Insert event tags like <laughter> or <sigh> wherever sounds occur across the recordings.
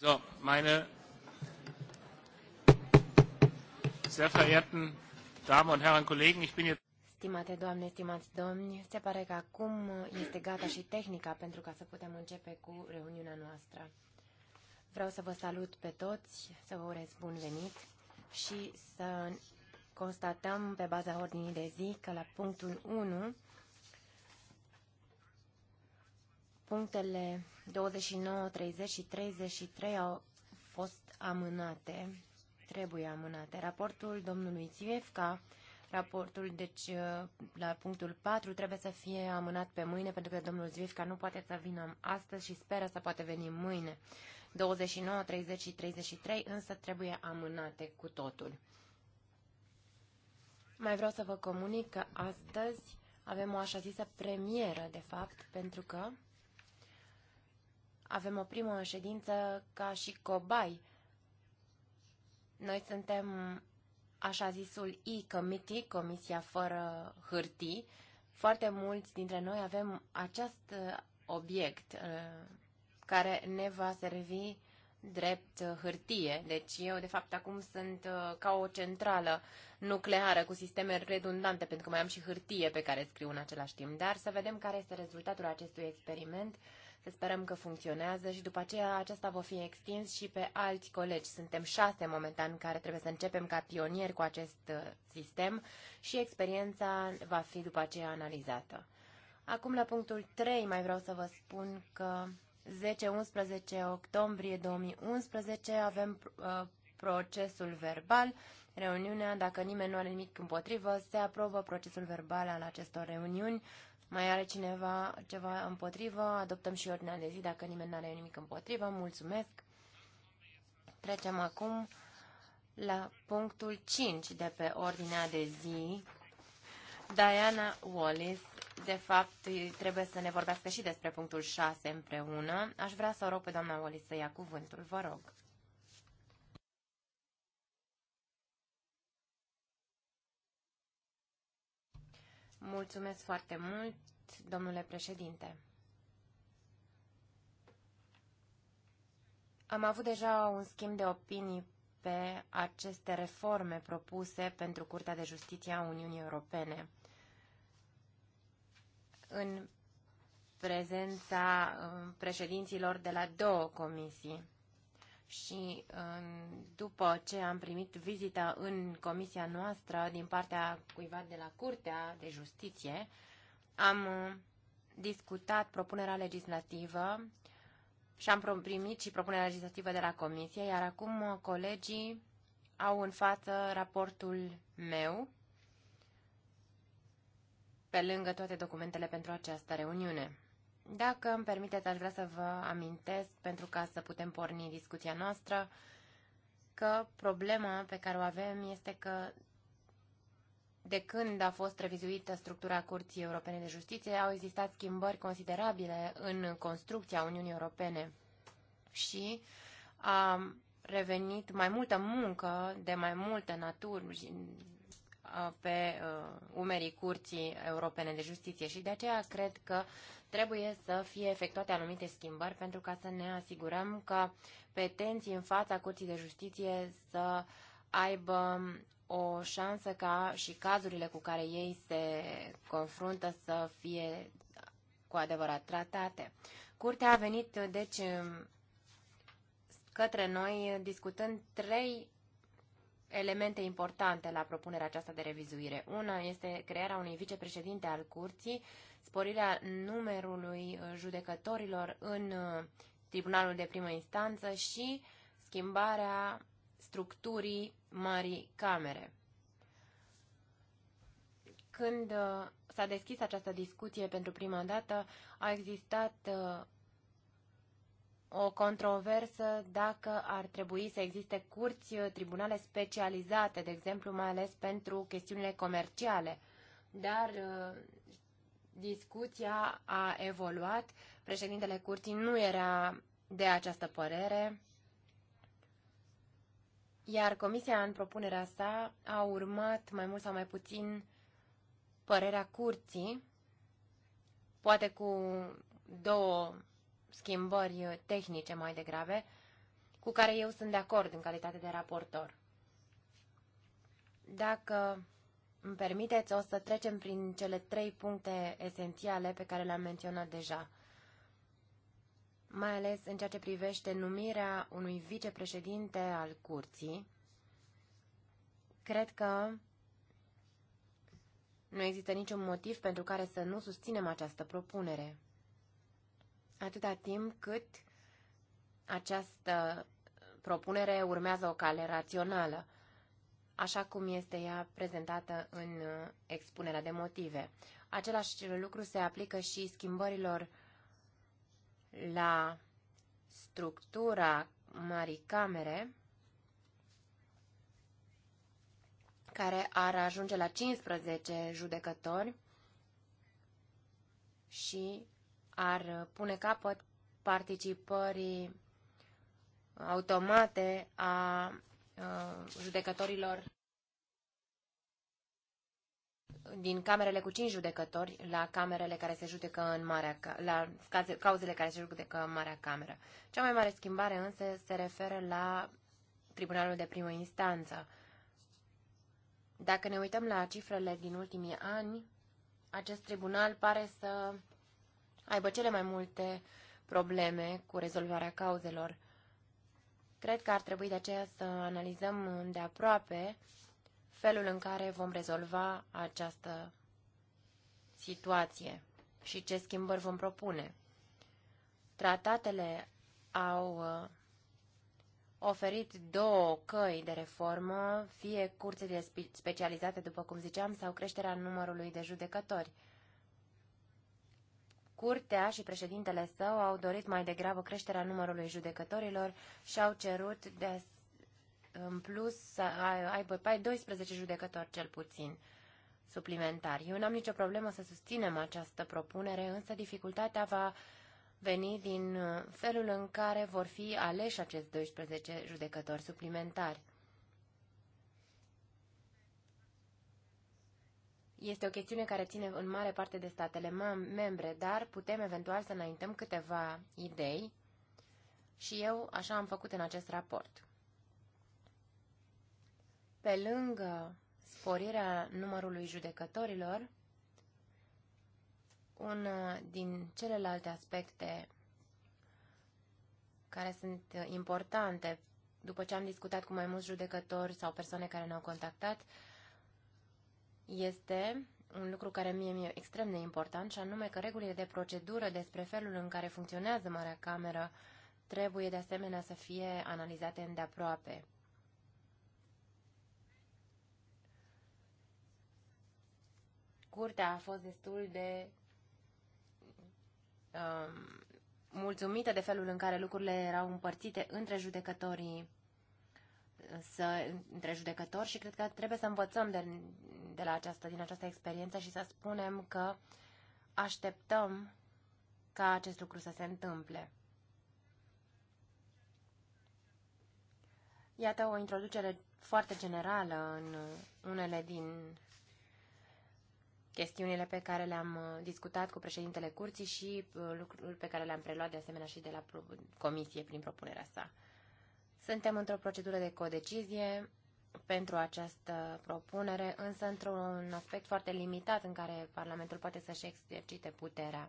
So, meine sehr verehrten Damen und Herren Kollegen, ich bin jetzt Stimate doamne, stimați domni, se pare că acum este gata și tehnica pentru ca să putem începe cu reuniunea noastră. Vreau să vă salut pe toți, să vă urez bun venit și să constatăm pe baza ordinii de zi că la punctul 1 punctele 29, 30 și 33 au fost amânate, trebuie amânate. Raportul domnului Țiefca, raportul, deci uh, la punctul 4, trebuie să fie amânat pe mâine, pentru că domnul Țiefca nu poate să vină astăzi și speră să poate veni mâine. 29, 30 și 33 însă trebuie amânate cu totul. Mai vreau să vă comunic că astăzi avem o așa zisă premieră, de fapt, pentru că avem o primă ședință ca și cobai. Noi suntem așa zisul e-committee, Comisia fără hârtii. Foarte mulți dintre noi avem acest uh, obiect uh, care ne va servi drept uh, hârtie. Deci eu, de fapt, acum sunt ca o centrală nucleară cu sisteme redundante, pentru că mai am și hârtie pe care scriu în același timp. Dar să vedem care este rezultatul acestui experiment să sperăm că funcționează și după aceea acesta va fi extins și pe alți colegi. Suntem șase momentan care trebuie să începem ca pionieri cu acest uh, sistem și experiența va fi după aceea analizată. Acum la punctul 3 mai vreau să vă spun că 10-11 octombrie 2011 avem uh, procesul verbal, reuniunea, dacă nimeni nu are nimic împotrivă, se aprobă procesul verbal al acestor reuniuni. Mai are cineva ceva împotrivă? Adoptăm și ordinea de zi dacă nimeni nu are nimic împotrivă. Mulțumesc! Trecem acum la punctul 5 de pe ordinea de zi. Diana Wallis, de fapt, trebuie să ne vorbească și despre punctul 6 împreună. Aș vrea să o rog pe doamna Wallis să ia cuvântul, vă rog. Mulțumesc foarte mult, domnule președinte. Am avut deja un schimb de opinii pe aceste reforme propuse pentru Curtea de Justiție a Uniunii Europene. În prezența uh, președinților de la două comisii și după ce am primit vizita în comisia noastră din partea cuiva de la Curtea de Justiție, am uh, discutat propunerea legislativă și am primit și propunerea legislativă de la comisie, iar acum uh, colegii au în față raportul meu pe lângă toate documentele pentru această reuniune. Dacă îmi permiteți, aș vrea să vă amintesc, pentru ca să putem porni discuția noastră, că problema pe care o avem este că de când a fost revizuită structura Curții Europene de Justiție, au existat schimbări considerabile în construcția Uniunii Europene și a revenit mai multă muncă de mai multă natură pe uh, umerii Curții Europene de Justiție și de aceea cred că trebuie să fie efectuate anumite schimbări pentru ca să ne asigurăm că petenții în fața Curții de Justiție să aibă o șansă ca și cazurile cu care ei se confruntă să fie cu adevărat tratate. Curtea a venit, deci, către noi discutând trei elemente importante la propunerea aceasta de revizuire. Una este crearea unui vicepreședinte al curții, sporirea numerului uh, judecătorilor în uh, Tribunalul de primă instanță și schimbarea structurii Marii Camere. Când uh, s-a deschis această discuție pentru prima dată, a existat o controversă dacă ar trebui să existe curți, uh, tribunale specializate, de exemplu, mai ales pentru chestiunile comerciale. Dar uh, discuția a evoluat, președintele curții nu era de această părere, iar comisia în propunerea sa a urmat mai mult sau mai puțin părerea curții, poate cu două schimbări uh, tehnice mai degrabă, cu care eu sunt de acord în calitate de raportor. Dacă îmi permiteți, o să trecem prin cele trei puncte esențiale pe care le-am menționat deja, mai ales în ceea ce privește numirea unui vicepreședinte al curții. Cred că nu există niciun motiv pentru care să nu susținem această propunere atâta timp cât această propunere urmează o cale rațională, așa cum este ea prezentată în uh, expunerea de motive. Același lucru se aplică și schimbărilor la structura Marii Camere, care ar ajunge la 15 judecători și ar pune capăt participării automate a judecătorilor din camerele cu cinci judecători la camerele care se judecă în marea, la cauzele care se judecă în marea cameră. Cea mai mare schimbare însă se referă la tribunalul de primă instanță. Dacă ne uităm la cifrele din ultimii ani, acest tribunal pare să aibă cele mai multe probleme cu rezolvarea cauzelor. Cred că ar trebui de aceea să analizăm de aproape felul în care vom rezolva această situație și ce schimbări vom propune. Tratatele au uh, oferit două căi de reformă, fie curse de specializate, după cum ziceam, sau creșterea numărului de judecători. Curtea și președintele său au dorit mai degrabă creșterea numărului judecătorilor și au cerut de în plus să aibă 12 judecători cel puțin suplimentari. Eu n-am nicio problemă să susținem această propunere, însă dificultatea va veni din uh, felul în care vor fi aleși acești 12 judecători suplimentari. Este o chestiune care ține în mare parte de statele membre, dar putem eventual să înaintăm câteva idei și eu așa am făcut în acest raport. Pe lângă sporirea numărului judecătorilor, una din celelalte aspecte care sunt importante, după ce am discutat cu mai mulți judecători sau persoane care ne-au contactat, este un lucru care mie mi-e extrem de important, și anume că regulile de procedură despre felul în care funcționează Marea Cameră trebuie de asemenea să fie analizate îndeaproape. Curtea a fost destul de um, mulțumită de felul în care lucrurile erau împărțite între judecătorii să, între judecători și cred că trebuie să învățăm de, de la această, din această experiență și să spunem că așteptăm ca acest lucru să se întâmple. Iată o introducere foarte generală în unele din chestiunile pe care le-am uh, discutat cu președintele curții și uh, lucruri pe care le-am preluat de asemenea și de la comisie prin propunerea sa. Suntem într-o procedură de codecizie pentru această propunere, însă într-un aspect foarte limitat în care Parlamentul poate să-și exercite puterea.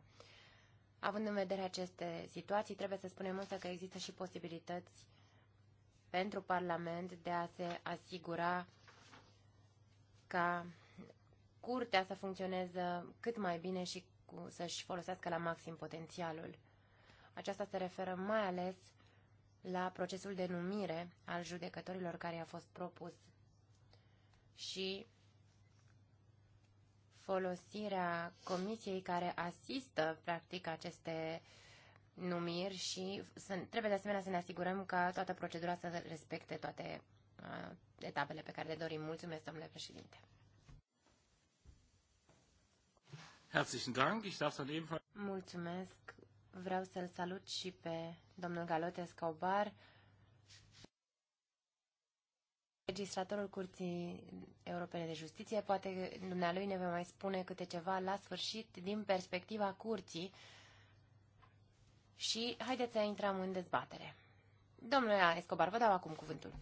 Având în vedere aceste situații, trebuie să spunem însă că există și posibilități pentru Parlament de a se asigura ca curtea să funcționeze cât mai bine și să-și folosească la maxim potențialul. Aceasta se referă mai ales la procesul de numire al judecătorilor care a fost propus și folosirea comisiei care asistă, practic, aceste numiri și să, trebuie de asemenea să ne asigurăm că toată procedura să respecte toate uh, etapele pe care le dorim. Mulțumesc, domnule președinte. Herzlichen Dank. Ich darf dann ebenfalls Mulțumesc. Vreau să-l salut și pe domnul Galote Scobar, registratorul Curții Europene de Justiție. Poate dumnealui ne va mai spune câte ceva la sfârșit din perspectiva Curții și haideți să intrăm în dezbatere. Domnule Escobar, vă dau acum cuvântul.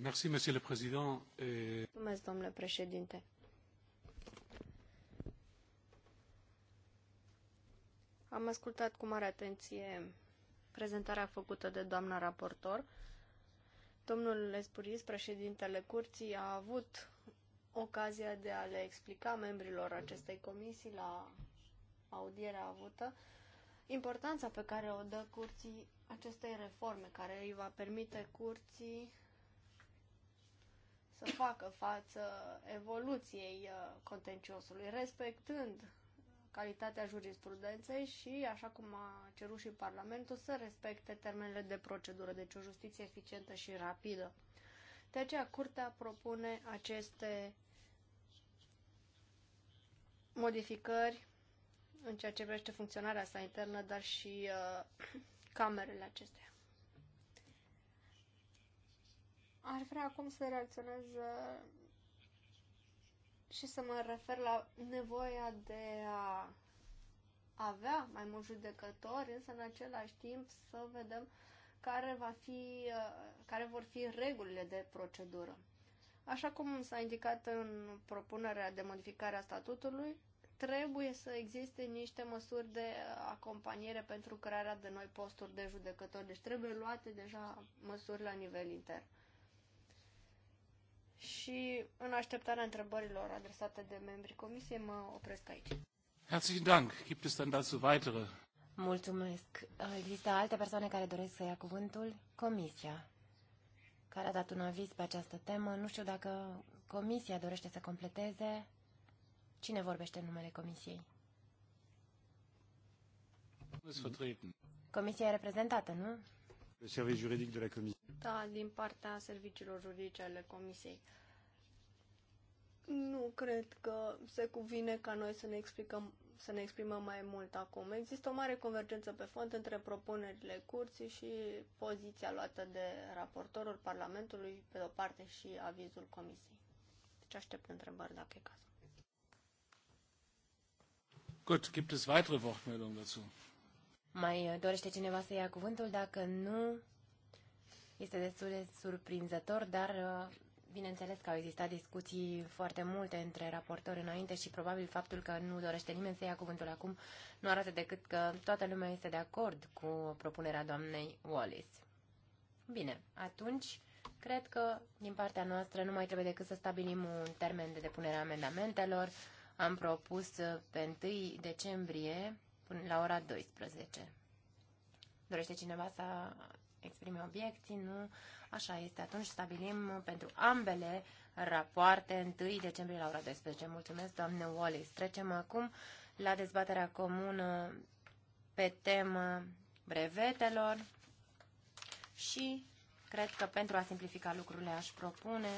Merci, Mulțumesc, domnule președinte. Am ascultat cu mare atenție prezentarea făcută de doamna raportor. Domnul Lespuris, președintele curții, a avut ocazia de a le explica membrilor acestei comisii la audierea avută importanța pe care o dă curții acestei reforme, care îi va permite curții să facă față evoluției uh, contenciosului, respectând calitatea jurisprudenței și, așa cum a cerut și Parlamentul, să respecte termenele de procedură, deci o justiție eficientă și rapidă. De aceea, Curtea propune aceste modificări în ceea ce privește funcționarea sa internă, dar și uh, <clears throat> camerele acestea. Ar vrea acum să reacționez uh, și să mă refer la nevoia de a avea mai mulți judecători, însă în același timp să vedem care, va fi, uh, care vor fi regulile de procedură. Așa cum s-a indicat în propunerea de modificare a statutului, trebuie să existe niște măsuri de acompaniere pentru crearea de noi posturi de judecători, deci trebuie luate deja măsuri la nivel intern și în așteptarea întrebărilor adresate de membrii comisiei mă opresc aici. Herzlichen Dank. Gibt es dann dazu weitere? Mulțumesc. Există alte persoane care doresc să ia cuvântul? Comisia, care a dat un aviz pe această temă. Nu știu dacă comisia dorește să completeze. Cine vorbește în numele comisiei? Comisia e reprezentată, nu? Da, din partea serviciilor juridice ale Comisiei. Nu cred că se cuvine ca noi să ne explicăm să ne exprimăm mai mult acum. Există o mare convergență pe fond între propunerile curții și poziția luată de raportorul Parlamentului, pe de-o parte, și avizul Comisiei. Deci aștept întrebări dacă e cazul. Gut, gibt es weitere Wortmeldungen dazu? Mai uh, dorește cineva să ia cuvântul? Dacă nu, este destul de surprinzător, dar uh, bineînțeles că au existat discuții foarte multe între raportori înainte și probabil faptul că nu dorește nimeni să ia cuvântul acum nu arată decât că toată lumea este de acord cu propunerea doamnei Wallis. Bine, atunci cred că din partea noastră nu mai trebuie decât să stabilim un termen de depunere a amendamentelor. Am propus uh, pe 1 decembrie până la ora 12. Dorește cineva să exprime obiecții? Nu. Așa este. Atunci stabilim pentru ambele rapoarte 1 decembrie la ora 12. Mulțumesc, doamne Wallis. Trecem acum la dezbaterea comună pe temă brevetelor și cred că pentru a simplifica lucrurile aș propune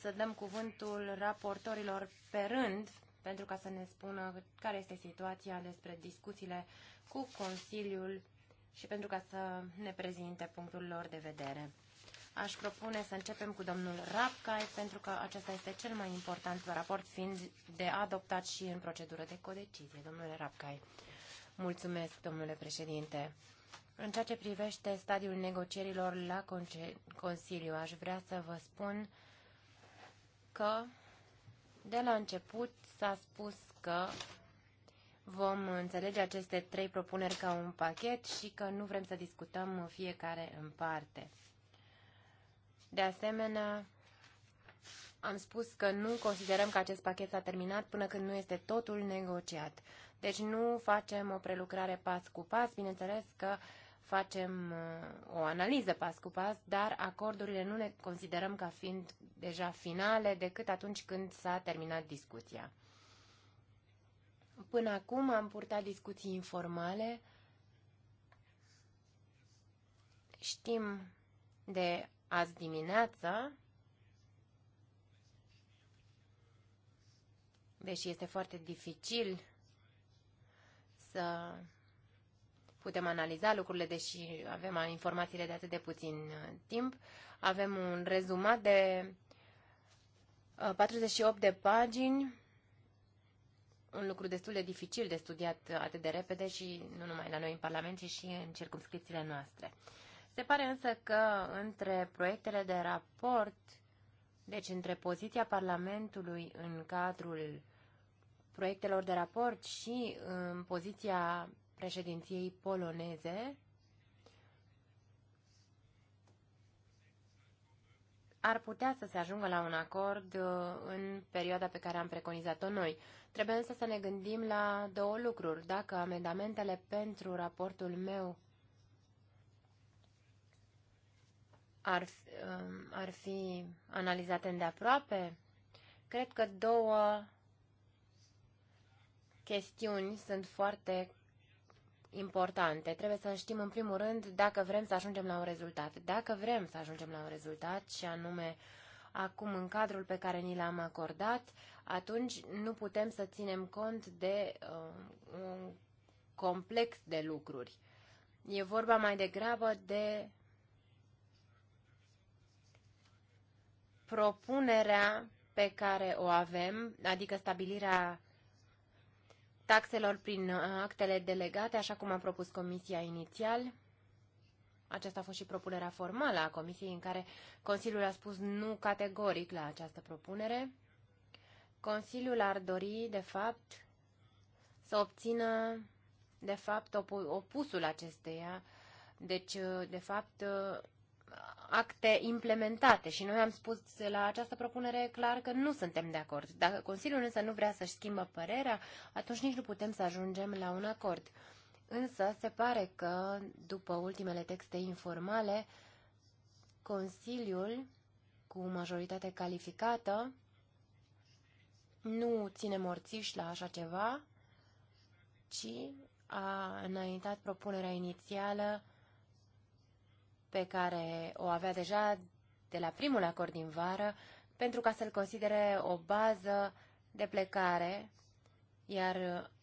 să dăm cuvântul raportorilor pe rând pentru ca să ne spună care este situația despre discuțiile cu Consiliul și pentru ca să ne prezinte punctul lor de vedere. Aș propune să începem cu domnul Rapcai, pentru că acesta este cel mai important raport, fiind de adoptat și în procedură de codecizie. Domnule Rapcai, mulțumesc, domnule președinte. În ceea ce privește stadiul negocierilor la Consiliu, aș vrea să vă spun că de la început s-a spus că vom înțelege aceste trei propuneri ca un pachet și că nu vrem să discutăm fiecare în parte. De asemenea, am spus că nu considerăm că acest pachet s-a terminat până când nu este totul negociat. Deci nu facem o prelucrare pas cu pas. Bineînțeles că uh, facem uh, o analiză pas cu pas, dar acordurile nu le considerăm ca fiind deja finale decât atunci când s-a terminat discuția. Până acum am purtat discuții informale. Știm de azi dimineață, deși este foarte dificil să putem analiza lucrurile, deși avem informațiile de atât de puțin uh, timp. Avem un rezumat de 48 uh, de pagini, un lucru destul de dificil de studiat uh, atât de repede și nu numai la noi în Parlament, ci și în circumscripțiile noastre. Se pare însă că între proiectele de raport, deci între poziția Parlamentului în cadrul proiectelor de raport și în poziția președinției poloneze ar putea să se ajungă la un acord uh, în perioada pe care am preconizat-o noi. Trebuie însă să ne gândim la două lucruri. Dacă amendamentele pentru raportul meu ar, um, ar fi analizate îndeaproape, cred că două chestiuni sunt foarte importante. Trebuie să știm în primul rând dacă vrem să ajungem la un rezultat. Dacă vrem să ajungem la un rezultat și anume acum în cadrul pe care ni l-am acordat, atunci nu putem să ținem cont de uh, un complex de lucruri. E vorba mai degrabă de propunerea pe care o avem, adică stabilirea taxelor prin uh, actele delegate, așa cum a propus Comisia inițial. Aceasta a fost și propunerea formală a Comisiei, în care Consiliul a spus nu categoric la această propunere. Consiliul ar dori, de fapt, să obțină, de fapt, opusul acesteia. Deci, uh, de fapt, uh, acte implementate și noi am spus la această propunere clar că nu suntem de acord. Dacă Consiliul însă nu vrea să-și schimbă părerea, atunci nici nu putem să ajungem la un acord. Însă se pare că, după ultimele texte informale, Consiliul, cu majoritate calificată, nu ține morțiși la așa ceva, ci a înaintat propunerea inițială pe care o avea deja de la primul acord din vară, pentru ca să-l considere o bază de plecare, iar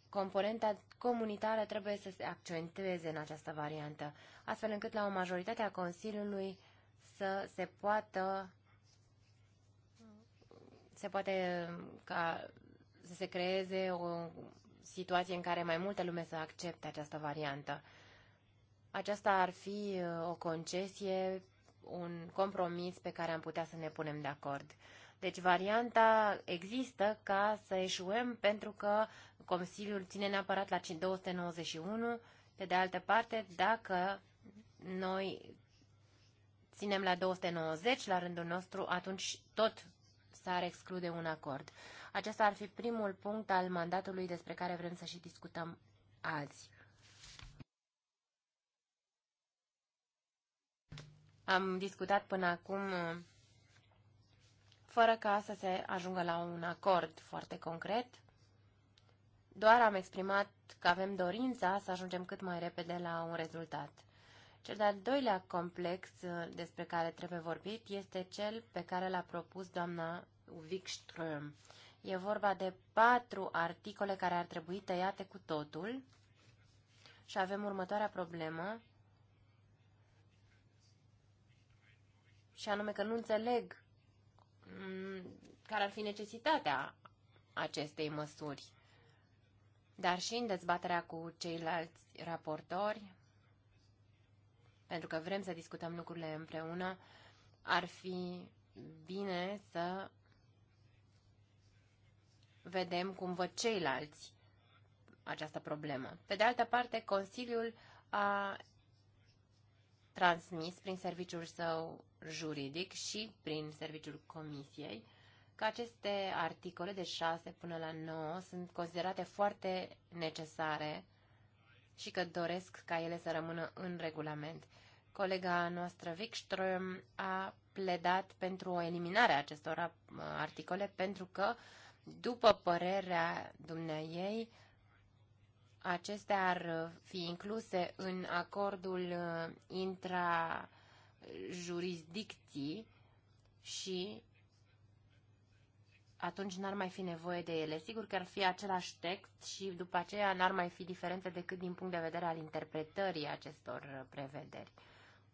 componenta comunitară trebuie să se accentueze în această variantă, astfel încât la o majoritate a Consiliului să se poată se poate ca să se creeze o situație în care mai multă lume să accepte această variantă. Aceasta ar fi uh, o concesie, un compromis pe care am putea să ne punem de acord. Deci varianta există ca să eșuăm pentru că Consiliul ține neapărat la 291, pe de altă parte, dacă noi ținem la 290 la rândul nostru, atunci tot s-ar exclude un acord. Acesta ar fi primul punct al mandatului despre care vrem să și discutăm azi. Am discutat până acum fără ca să se ajungă la un acord foarte concret. Doar am exprimat că avem dorința să ajungem cât mai repede la un rezultat. Cel de-al doilea complex uh, despre care trebuie vorbit este cel pe care l-a propus doamna Wikström. E vorba de patru articole care ar trebui tăiate cu totul și avem următoarea problemă. și anume că nu înțeleg mm, care ar fi necesitatea acestei măsuri. Dar și în dezbaterea cu ceilalți raportori, pentru că vrem să discutăm lucrurile împreună, ar fi bine să vedem cum văd ceilalți această problemă. Pe de altă parte, Consiliul a transmis prin serviciul său juridic și prin serviciul comisiei că aceste articole de 6 până la 9 sunt considerate foarte necesare și că doresc ca ele să rămână în regulament. Colega noastră Wikström a pledat pentru eliminarea acestor uh, articole pentru că, după părerea dumneai ei, acestea ar fi incluse în acordul uh, intrajurisdicții și atunci n-ar mai fi nevoie de ele. Sigur că ar fi același text și după aceea n-ar mai fi diferențe decât din punct de vedere al interpretării acestor uh, prevederi.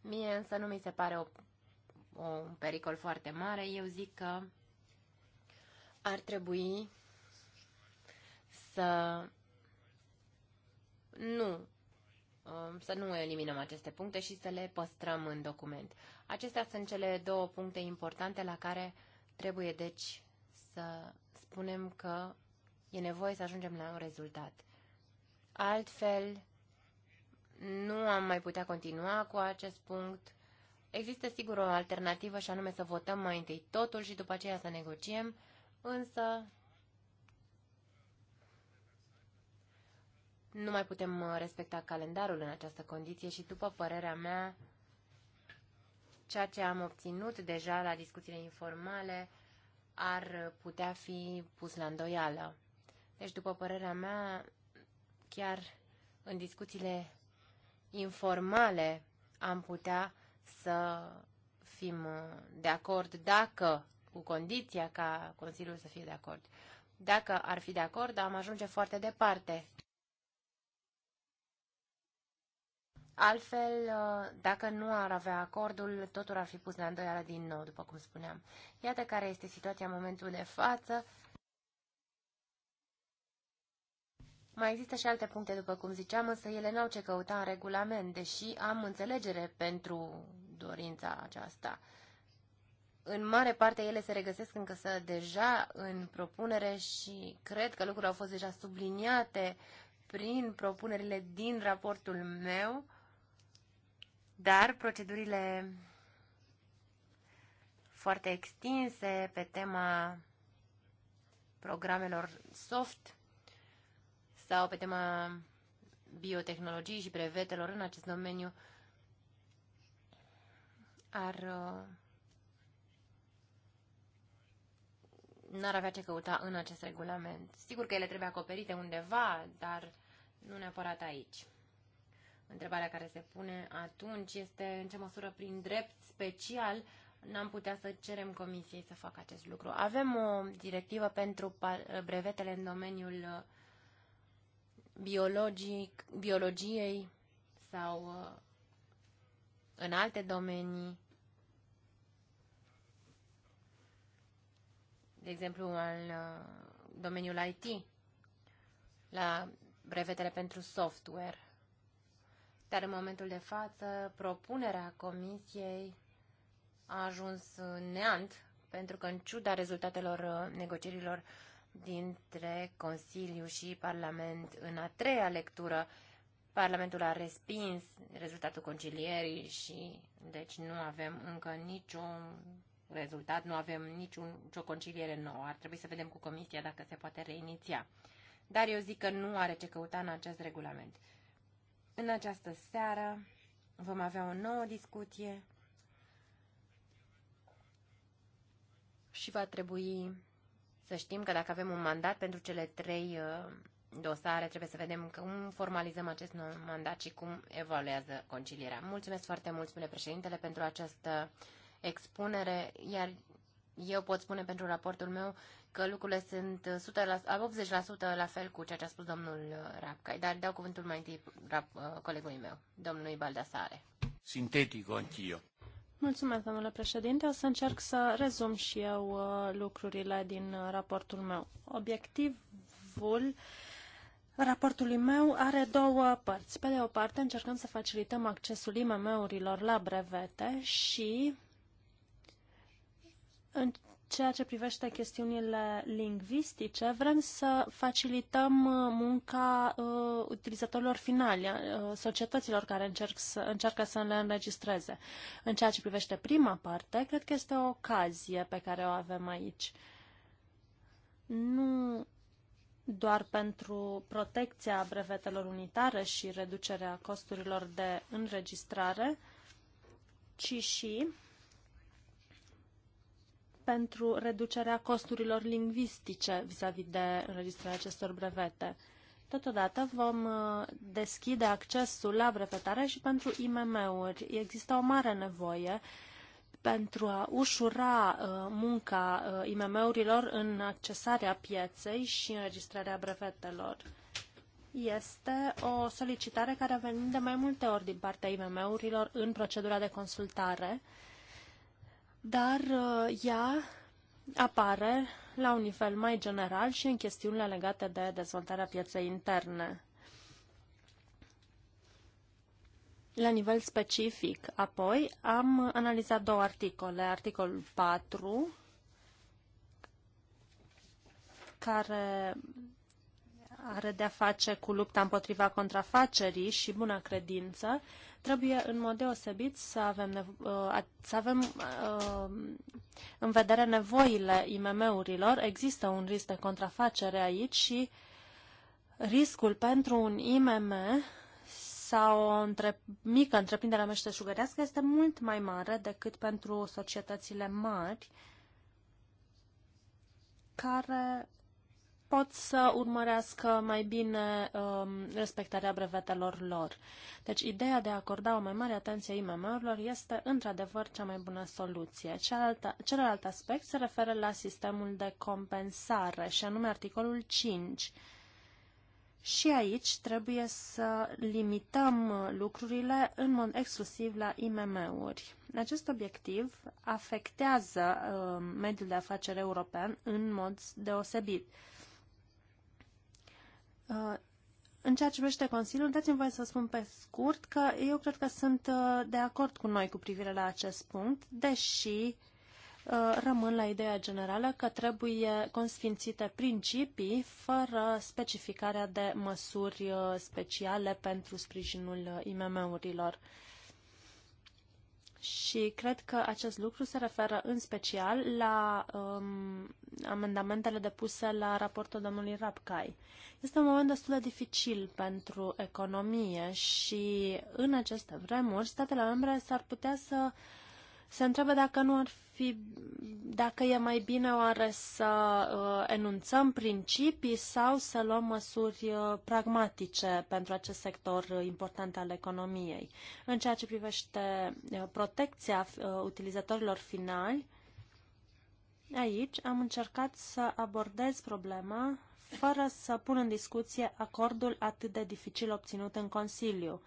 Mie însă nu mi se pare o, o, un pericol foarte mare. Eu zic că ar trebui să nu um, să nu eliminăm aceste puncte și să le păstrăm în document. Acestea sunt cele două puncte importante la care trebuie, deci, să spunem că e nevoie să ajungem la un rezultat. Altfel, nu am mai putea continua cu acest punct. Există, sigur, o alternativă și anume să votăm mai întâi totul și după aceea să negociem, însă Nu mai putem uh, respecta calendarul în această condiție și, după părerea mea, ceea ce am obținut deja la discuțiile informale ar putea fi pus la îndoială. Deci, după părerea mea, chiar în discuțiile informale am putea să fim uh, de acord dacă, cu condiția ca Consiliul să fie de acord. Dacă ar fi de acord, am ajunge foarte departe. Altfel, uh, dacă nu ar avea acordul, totul ar fi pus la îndoială din nou, după cum spuneam. Iată care este situația în momentul de față. Mai există și alte puncte, după cum ziceam, însă ele n-au ce căuta în regulament, deși am înțelegere pentru dorința aceasta. În mare parte ele se regăsesc încă să deja în propunere și cred că lucrurile au fost deja subliniate prin propunerile din raportul meu dar procedurile foarte extinse pe tema programelor soft sau pe tema biotehnologiei și brevetelor în acest domeniu ar uh, n-ar avea ce căuta în acest regulament. Sigur că ele trebuie acoperite undeva, dar nu neapărat aici. Întrebarea care se pune atunci este în ce măsură prin drept special n-am putea să cerem comisiei să facă acest lucru. Avem o directivă pentru brevetele în domeniul uh, biologic, biologiei sau uh, în alte domenii, de exemplu în uh, domeniul IT, la brevetele pentru software. Dar în momentul de față, propunerea Comisiei a ajuns neant, pentru că în ciuda rezultatelor uh, negocierilor dintre Consiliu și Parlament în a treia lectură, Parlamentul a respins rezultatul concilierii și deci nu avem încă niciun rezultat, nu avem niciun, nicio conciliere nouă. Ar trebui să vedem cu Comisia dacă se poate reiniția. Dar eu zic că nu are ce căuta în acest regulament. În această seară vom avea o nouă discuție și va trebui să știm că dacă avem un mandat pentru cele trei uh, dosare, trebuie să vedem cum formalizăm acest nou mandat și cum evaluează concilierea. Mulțumesc foarte mult, spune președintele, pentru această expunere, iar eu pot spune pentru raportul meu că lucrurile sunt 100 uh, la, 80% la fel cu ceea ce a spus domnul uh, Rapcai, dar dau cuvântul mai întâi rap, uh, colegului meu, domnului Baldasare. Sintetic, anch'io. Mulțumesc, domnule președinte. O să încerc să rezum și eu lucrurile din raportul meu. Obiectivul raportului meu are două părți. Pe de o parte, încercăm să facilităm accesul IMM-urilor la brevete și ceea ce privește chestiunile lingvistice, vrem să facilităm uh, munca uh, utilizatorilor finali, uh, societăților care încerc să, încearcă să le înregistreze. În ceea ce privește prima parte, cred că este o ocazie pe care o avem aici. Nu doar pentru protecția brevetelor unitare și reducerea costurilor de înregistrare, ci și pentru reducerea costurilor lingvistice vis-a-vis -vis de înregistrarea acestor brevete. Totodată vom uh, deschide accesul la brevetare și pentru IMM-uri. Există o mare nevoie pentru a ușura uh, munca uh, IMM-urilor în accesarea pieței și înregistrarea brevetelor. Este o solicitare care a venit de mai multe ori din partea IMM-urilor în procedura de consultare dar uh, ea apare la un nivel mai general și în chestiunile legate de dezvoltarea pieței interne. La nivel specific, apoi, am analizat două articole. Articolul 4, care are de-a face cu lupta împotriva contrafacerii și buna credință, trebuie în mod deosebit să avem, uh, să avem uh, în vedere nevoile IMM-urilor. Există un risc de contrafacere aici și riscul pentru un IMM sau o între, mică întreprindere meșteșugărească este mult mai mare decât pentru societățile mari care pot să urmărească mai bine um, respectarea brevetelor lor. Deci ideea de a acorda o mai mare atenție IMM-urilor este într-adevăr cea mai bună soluție. Cealaltă, celălalt aspect se referă la sistemul de compensare și anume articolul 5. Și aici trebuie să limităm lucrurile în mod exclusiv la IMM-uri. Acest obiectiv afectează uh, mediul de afaceri european în mod deosebit. Uh, în ceea ce privește Consiliul, dați-mi voie să spun pe scurt că eu cred că sunt uh, de acord cu noi cu privire la acest punct, deși uh, rămân la ideea generală că trebuie consfințite principii fără specificarea de măsuri uh, speciale pentru sprijinul IMM-urilor și cred că acest lucru se referă în special la um, amendamentele depuse la raportul domnului Rapcai. Este un moment destul de dificil pentru economie și în aceste vremuri statele membre s-ar putea să uh, se întreabă dacă nu ar fi, dacă e mai bine oare să uh, enunțăm principii sau să luăm măsuri uh, pragmatice pentru acest sector uh, important al economiei. În ceea ce privește uh, protecția uh, utilizatorilor finali, aici am încercat să abordez problema fără să pun în discuție acordul atât de dificil obținut în Consiliu. Uh,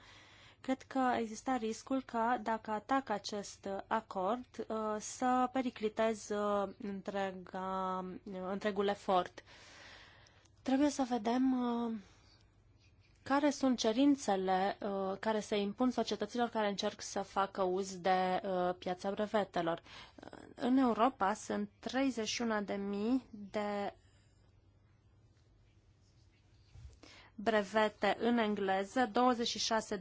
cred că exista riscul ca, dacă atac acest acord, uh, să periclitez uh, întreg, uh, întregul efort. Trebuie să vedem care sunt cerințele care se impun societăților care încerc să facă uz de piața brevetelor. În Europa sunt 31.000 de brevete în engleză,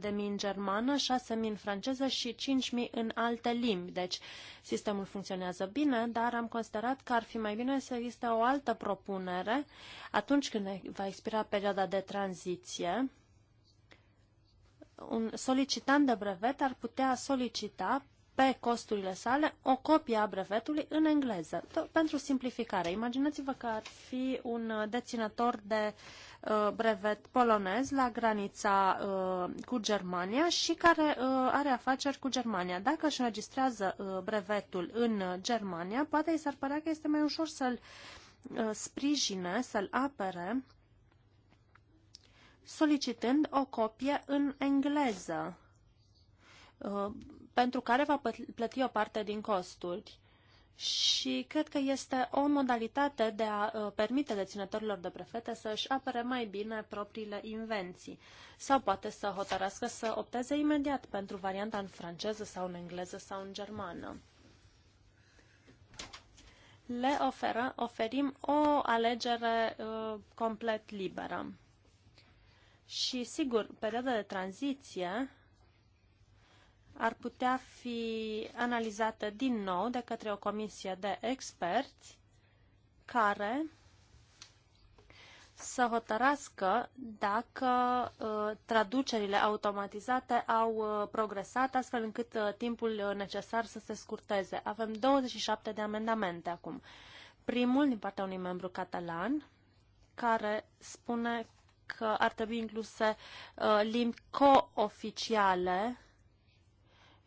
26.000 în germană, 6.000 în franceză și 5.000 în alte limbi. Deci sistemul funcționează bine, dar am considerat că ar fi mai bine să existe o altă propunere atunci când va expira perioada de tranziție. Un solicitant de brevet ar putea solicita pe costurile sale o copie a brevetului în engleză, pentru simplificare. Imaginați-vă că ar fi un deținător de uh, brevet polonez la granița uh, cu Germania și care uh, are afaceri cu Germania. Dacă își înregistrează uh, brevetul în Germania, poate i s-ar părea că este mai ușor să-l uh, sprijine, să-l apere, solicitând o copie în engleză uh, pentru care va plăti o parte din costuri. Și cred că este o modalitate de a uh, permite deținătorilor de prefete să își apere mai bine propriile invenții. Sau poate să hotărască să opteze imediat pentru varianta în franceză sau în engleză sau în germană. Le oferă, oferim o alegere uh, complet liberă. Și sigur, perioada de tranziție ar putea fi analizată din nou de către o comisie de experți care să hotărască dacă uh, traducerile automatizate au uh, progresat astfel încât uh, timpul necesar să se scurteze. Avem 27 de amendamente acum. Primul din partea unui membru catalan care spune că ar trebui incluse limbi cooficiale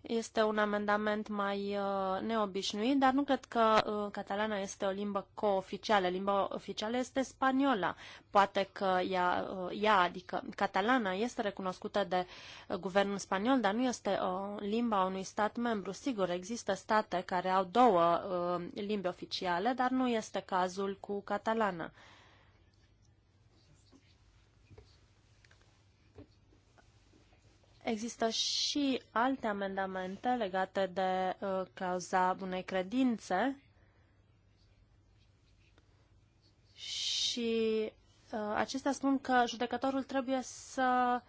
este un amendament mai uh, neobișnuit, dar nu cred că uh, catalana este o limbă cooficială. Limba oficială este spaniola. Poate că ea, uh, ea adică catalana, este recunoscută de uh, guvernul spaniol, dar nu este uh, limba unui stat membru. Sigur, există state care au două uh, limbi oficiale, dar nu este cazul cu catalana. Există și alte amendamente legate de uh, cauza bunei credințe și uh, acestea spun că judecătorul trebuie să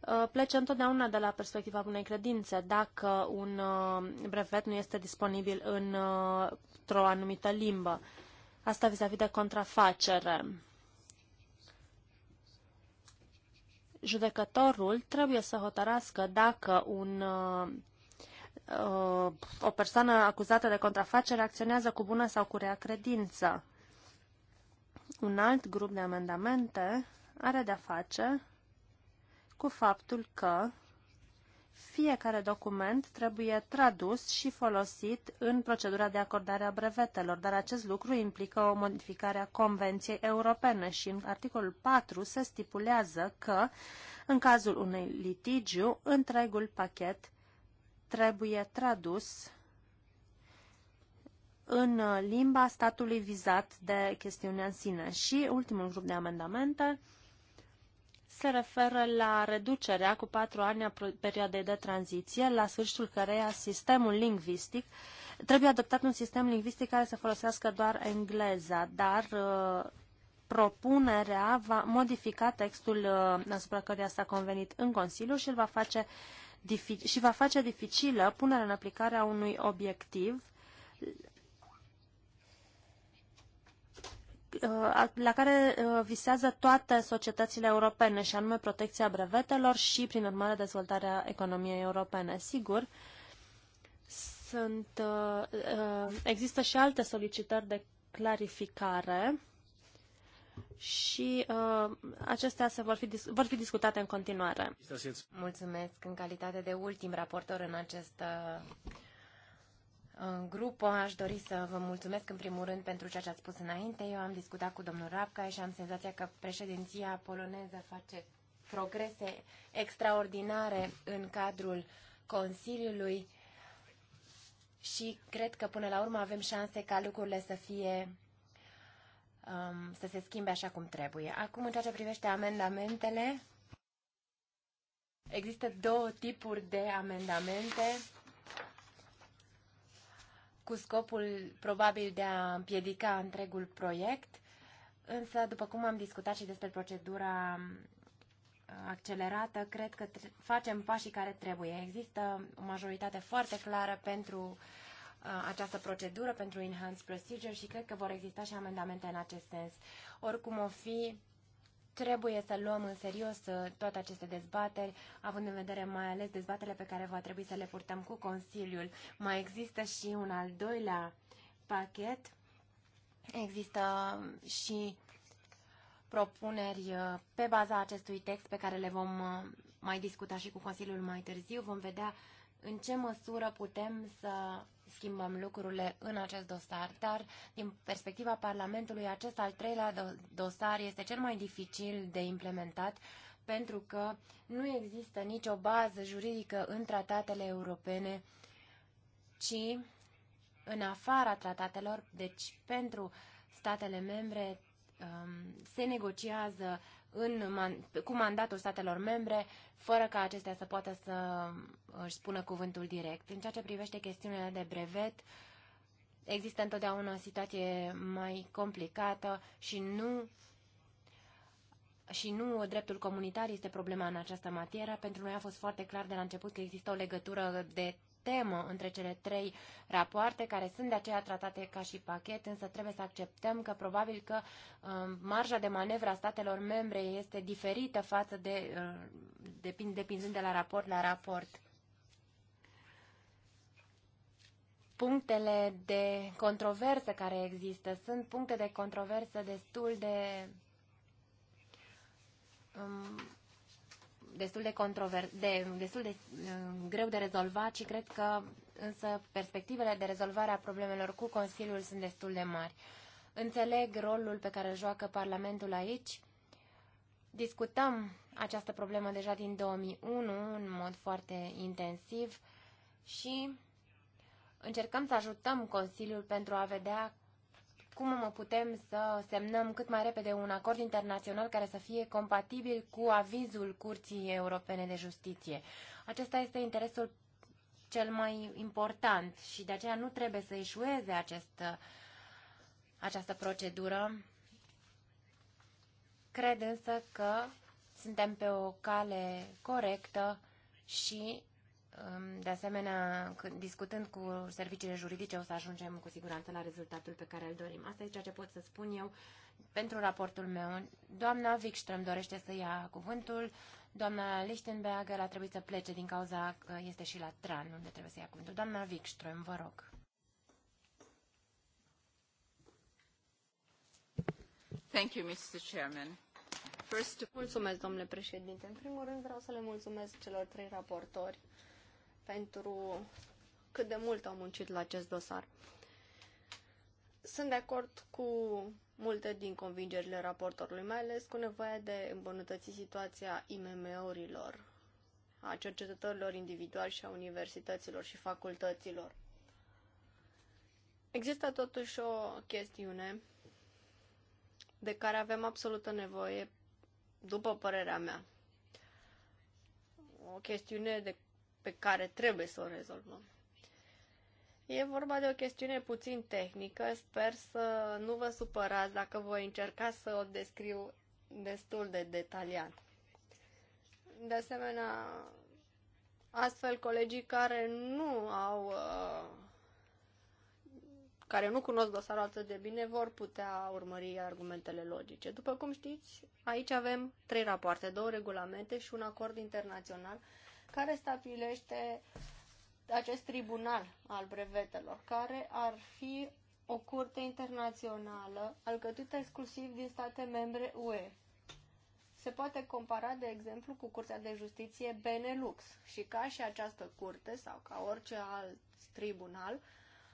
uh, plece întotdeauna de la perspectiva bunei credințe. Dacă un uh, brevet nu este disponibil în, uh, într-o anumită limbă, asta vis-a-vis -vis de contrafacere. judecătorul trebuie să hotărască dacă un uh, o persoană acuzată de contrafacere acționează cu bună sau cu rea credință. Un alt grup de amendamente are de-a face cu faptul că fiecare document trebuie tradus și folosit în procedura de acordare a brevetelor, dar acest lucru implică o modificare a Convenției Europene și în articolul 4 se stipulează că, în cazul unei litigiu, întregul pachet trebuie tradus în limba statului vizat de chestiunea în sine. Și ultimul grup de amendamente se referă la reducerea cu patru ani a perioadei de tranziție, la sfârșitul căreia sistemul lingvistic trebuie adoptat un sistem lingvistic care să folosească doar engleza, dar uh, propunerea va modifica textul uh, asupra căruia s-a convenit în Consiliu și, îl va face și va face dificilă punerea în aplicare a unui obiectiv Uh, la care uh, visează toate societățile europene, și anume protecția brevetelor și, prin urmare, dezvoltarea economiei europene. Sigur, sunt, uh, există și alte solicitări de clarificare și uh, acestea se vor, fi, vor fi discutate în continuare. Mulțumesc în calitate de ultim raportor în uh, grup, aș dori să vă mulțumesc în primul rând pentru ceea ce ați spus înainte. Eu am discutat cu domnul Rapca și am senzația că președinția poloneză face progrese extraordinare în cadrul Consiliului și cred că până la urmă avem șanse ca lucrurile să fie um, să se schimbe așa cum trebuie. Acum, în ceea ce privește amendamentele, există două tipuri de amendamente cu scopul probabil de a împiedica întregul proiect, însă, după cum am discutat și despre procedura accelerată, cred că facem pașii care trebuie. Există o majoritate foarte clară pentru uh, această procedură, pentru Enhanced Procedure și cred că vor exista și amendamente în acest sens. Oricum o fi, Trebuie să luăm în serios uh, toate aceste dezbateri, având în vedere mai ales dezbaterile pe care va trebui să le purtăm cu Consiliul. Mai există și un al doilea pachet, există și propuneri uh, pe baza acestui text pe care le vom uh, mai discuta și cu Consiliul mai târziu. Vom vedea în ce măsură putem să schimbăm lucrurile în acest dosar, dar din perspectiva Parlamentului, acest al treilea dosar este cel mai dificil de implementat pentru că nu există nicio bază juridică în tratatele europene, ci în afara tratatelor, deci pentru statele membre um, se negociază în, cu mandatul statelor membre, fără ca acestea să poată să își spună cuvântul direct. În ceea ce privește chestiunile de brevet, există întotdeauna o situație mai complicată și nu și nu dreptul comunitar este problema în această materie. Pentru noi a fost foarte clar de la început că există o legătură de temă între cele trei rapoarte, care sunt de aceea tratate ca și pachet, însă trebuie să acceptăm că probabil că um, marja de manevră a statelor membre este diferită față de, uh, depind, depinzând de la raport la raport. Punctele de controversă care există sunt puncte de controversă destul de um, destul de, controver- de, destul de uh, greu de rezolvat și cred că însă perspectivele de rezolvare a problemelor cu Consiliul sunt destul de mari. Înțeleg rolul pe care îl joacă Parlamentul aici. Discutăm această problemă deja din 2001 în mod foarte intensiv și încercăm să ajutăm Consiliul pentru a vedea cum putem să semnăm cât mai repede un acord internațional care să fie compatibil cu avizul Curții Europene de Justiție. Acesta este interesul cel mai important și de aceea nu trebuie să eșueze acest, această procedură. Cred însă că suntem pe o cale corectă și de asemenea, discutând cu serviciile juridice, o să ajungem cu siguranță la rezultatul pe care îl dorim. Asta e ceea ce pot să spun eu pentru raportul meu. Doamna Wikström dorește să ia cuvântul. Doamna Lichtenberger a trebuit să plece din cauza că este și la Tran, unde trebuie să ia cuvântul. Doamna Wikström, vă rog. Thank you, Mr. Chairman. First... Mulțumesc, domnule președinte. În primul rând vreau să le mulțumesc celor trei raportori pentru cât de mult au muncit la acest dosar. Sunt de acord cu multe din convingerile raportorului, mai ales cu nevoia de îmbunătăți situația IMM-urilor, a cercetătorilor individuali și a universităților și facultăților. Există totuși o chestiune de care avem absolută nevoie, după părerea mea. O chestiune de pe care trebuie să o rezolvăm. E vorba de o chestiune puțin tehnică, sper să nu vă supărați dacă voi încerca să o descriu destul de detaliat. De asemenea, astfel colegii care nu au uh, care nu cunosc dosarul atât de bine vor putea urmări argumentele logice. După cum știți, aici avem trei rapoarte, două regulamente și un acord internațional care stabilește acest tribunal al brevetelor, care ar fi o curte internațională alcătuită exclusiv din state membre UE. Se poate compara, de exemplu, cu Curtea de Justiție Benelux și ca și această curte sau ca orice alt tribunal,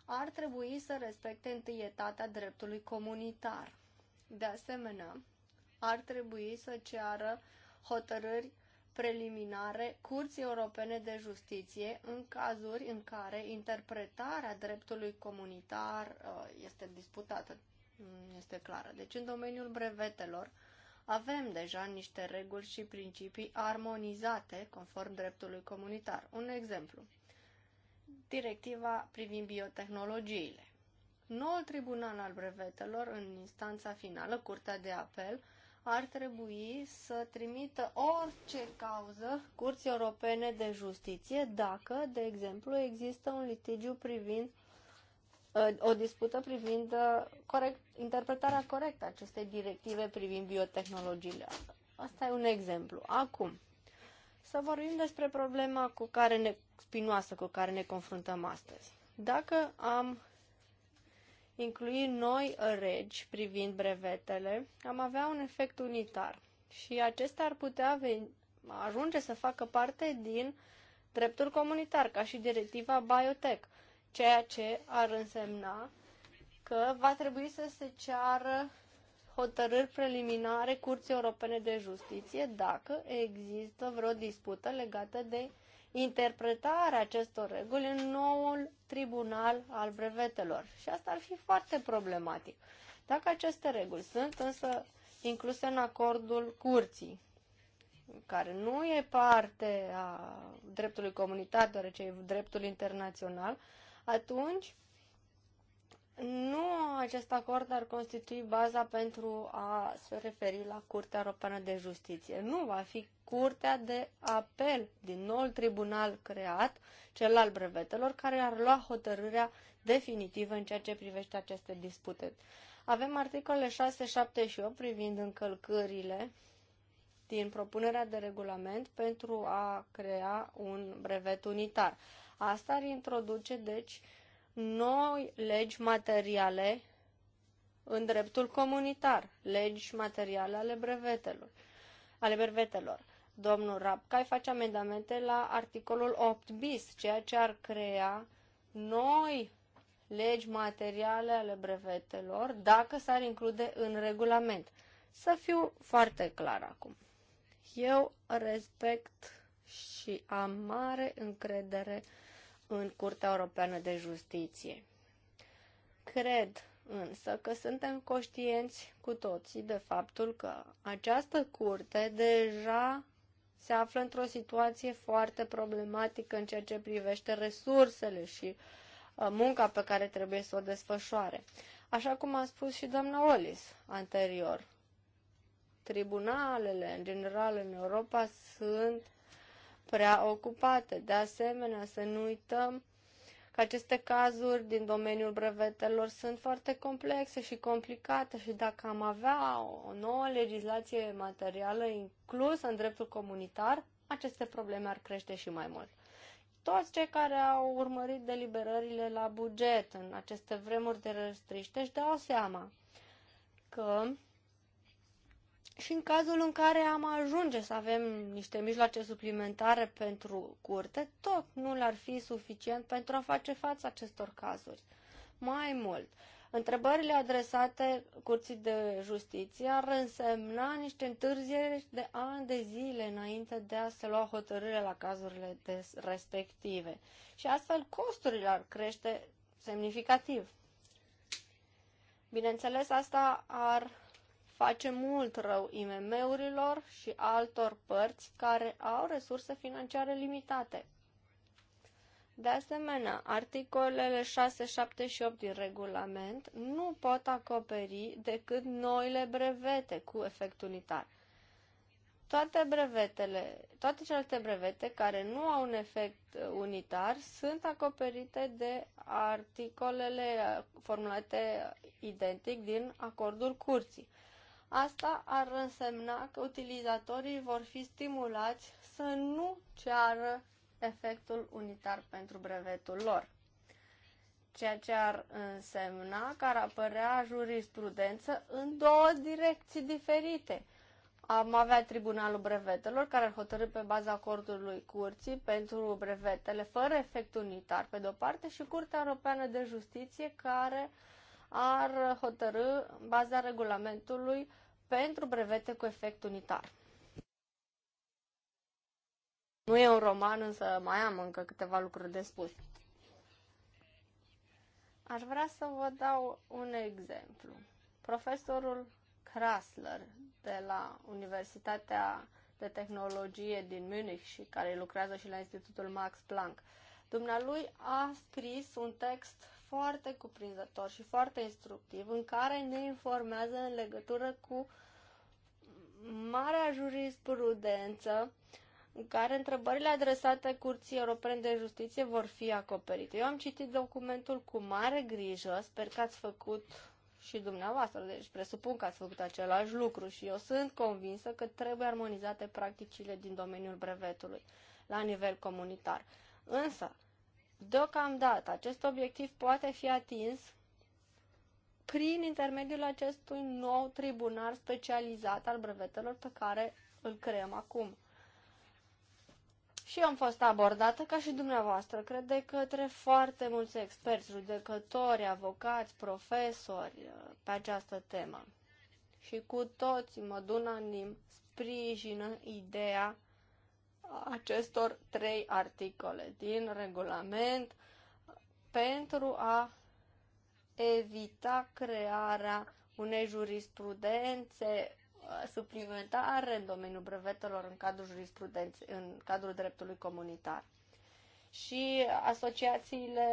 ar trebui să respecte întâietatea dreptului comunitar. De asemenea, ar trebui să ceară hotărâri preliminare Curții Europene de Justiție în cazuri în care interpretarea dreptului comunitar uh, este disputată, este clară. Deci în domeniul brevetelor avem deja niște reguli și principii armonizate conform dreptului comunitar. Un exemplu, directiva privind biotehnologiile. Noul tribunal al brevetelor, în instanța finală, Curtea de Apel, ar trebui să trimită orice cauză Curții Europene de Justiție dacă, de exemplu, există un litigiu privind uh, o dispută privind uh, corect, interpretarea corectă a acestei directive privind biotehnologiile. Asta e un exemplu. Acum, să vorbim despre problema cu care ne, spinoasă cu care ne confruntăm astăzi. Dacă am inclui noi regi privind brevetele, am avea un efect unitar și acestea ar putea veni, ajunge să facă parte din dreptul comunitar, ca și directiva biotech, ceea ce ar însemna că va trebui să se ceară hotărâri preliminare Curții Europene de Justiție dacă există vreo dispută legată de interpretarea acestor reguli în noul tribunal al brevetelor. Și asta ar fi foarte problematic. Dacă aceste reguli sunt însă incluse în acordul curții, care nu e parte a dreptului comunitar, deoarece e dreptul internațional, atunci nu acest acord ar constitui baza pentru a se referi la Curtea Europeană de Justiție. Nu va fi Curtea de Apel din noul tribunal creat, cel al brevetelor, care ar lua hotărârea definitivă în ceea ce privește aceste dispute. Avem articolele 6, 7 și 8 privind încălcările din propunerea de regulament pentru a crea un brevet unitar. Asta ar introduce, deci, uh, noi legi materiale în dreptul comunitar, legi materiale ale brevetelor. Ale brevetelor. Domnul Rapcai face amendamente la articolul 8 bis, ceea ce ar crea noi legi materiale ale brevetelor dacă s-ar include în regulament. Să fiu foarte clar acum. Eu respect și am mare încredere în Curtea Europeană de Justiție. Cred însă că suntem conștienți cu toții de faptul că această curte deja se află într-o situație foarte problematică în ceea ce privește resursele și uh, munca pe care trebuie să o desfășoare. Așa cum a spus și doamna Olis anterior, tribunalele, în general, în Europa sunt prea ocupate. De asemenea, să nu uităm că aceste cazuri din domeniul brevetelor sunt foarte complexe și complicate și dacă am avea o nouă legislație materială inclusă în dreptul comunitar, aceste probleme ar crește și mai mult. Toți cei care au urmărit deliberările la buget în aceste vremuri de răstriște își dau seama că și în cazul în care am ajunge să avem niște mijloace suplimentare pentru curte, tot nu l-ar fi suficient pentru a face față acestor cazuri. Mai mult, întrebările adresate Curții de Justiție ar însemna niște întârzieri de ani de zile înainte de a se lua hotărâre la cazurile respective. Și astfel costurile ar crește semnificativ. Bineînțeles, asta ar face mult rău IMM-urilor și altor părți care au resurse financiare limitate. De asemenea, articolele 6, 7 și 8 din regulament nu pot acoperi decât noile brevete cu efect unitar. Toate brevetele, toate celelalte brevete care nu au un efect uh, unitar sunt acoperite de articolele uh, formulate uh, identic din acordul curții. Asta ar însemna că utilizatorii vor fi stimulați să nu ceară efectul unitar pentru brevetul lor, ceea ce ar însemna că ar apărea jurisprudență în două direcții diferite. Am avea Tribunalul Brevetelor, care ar hotărâ pe baza acordului curții pentru brevetele fără efect unitar, pe de-o parte, și Curtea Europeană de Justiție, care uh, ar hotărâ în baza regulamentului pentru brevete cu efect unitar. Nu e un roman, însă mai am încă câteva lucruri de spus. Aș vrea să vă dau un exemplu. Profesorul Krasler de la Universitatea de Tehnologie din Munich și care lucrează și la Institutul Max Planck, dumnealui a scris un text foarte cuprinzător și foarte instructiv în care ne informează în legătură cu marea jurisprudență în care întrebările adresate Curții Europene de Justiție vor fi acoperite. Eu am citit documentul cu mare grijă, sper că ați făcut și dumneavoastră, deci presupun că ați făcut același lucru și eu sunt convinsă că trebuie armonizate practicile din domeniul brevetului la nivel comunitar. Însă, Deocamdată, acest obiectiv poate fi atins prin intermediul acestui nou tribunal specializat al brevetelor pe care îl creăm acum. Și eu am fost abordată ca și dumneavoastră, cred, de către foarte mulți experți, judecători, avocați, profesori uh, pe această temă. Și cu toți, în mod unanim, sprijină ideea acestor trei articole din regulament pentru a evita crearea unei jurisprudențe uh, suplimentare în domeniul brevetelor în cadrul jurisprudenței, în cadrul dreptului comunitar. Și asociațiile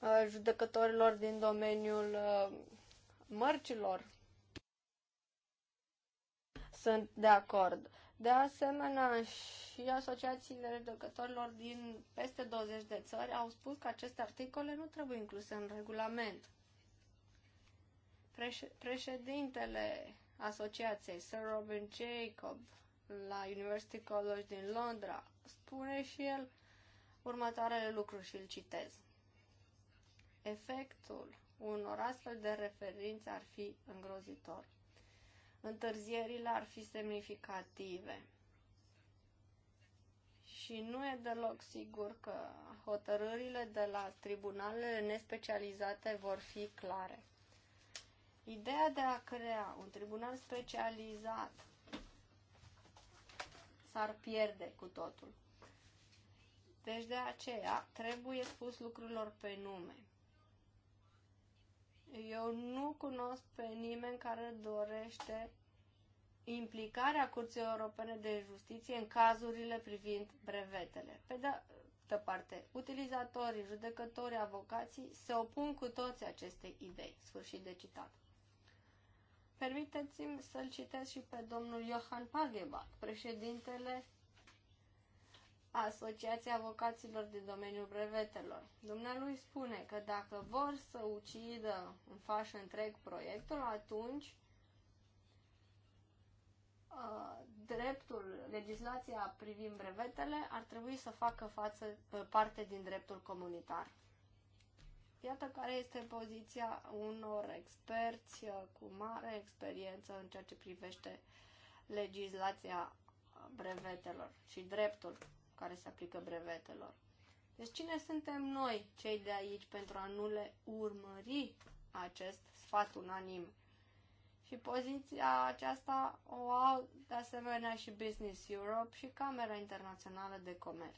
uh, judecătorilor din domeniul uh, mărcilor sunt de acord. De asemenea, și asociațiile reducătorilor din peste 20 de țări au spus că aceste articole nu trebuie incluse în regulament. președintele asociației, Sir Robin Jacob, la University College din Londra, spune și el următoarele lucruri și îl citez. Efectul unor astfel de referințe ar fi îngrozitor întârzierile ar fi semnificative. Și nu e deloc sigur că hotărârile de la tribunalele nespecializate vor fi clare. Ideea de a crea un tribunal specializat s-ar pierde cu totul. Deci de aceea trebuie spus lucrurilor pe nume. Eu nu cunosc pe nimeni care dorește implicarea Curții Europene de Justiție în cazurile privind brevetele. Pe de altă parte, utilizatorii, judecătorii, avocații se opun cu toți aceste idei. Sfârșit de citat. Permiteți-mi să-l citesc și pe domnul Johan Pagebach, președintele Asociația Avocaților din domeniul brevetelor. Dumnealui spune că dacă vor să ucidă în fașă întreg proiectul, atunci uh, dreptul, legislația privind brevetele ar trebui să facă față, parte din dreptul comunitar. Iată care este poziția unor experți cu mare experiență în ceea ce privește legislația brevetelor și dreptul care se aplică brevetelor. Deci cine suntem noi, cei de aici, pentru a nu le urmări acest sfat unanim? Și poziția aceasta o au de asemenea și Business Europe și Camera Internațională de Comerț.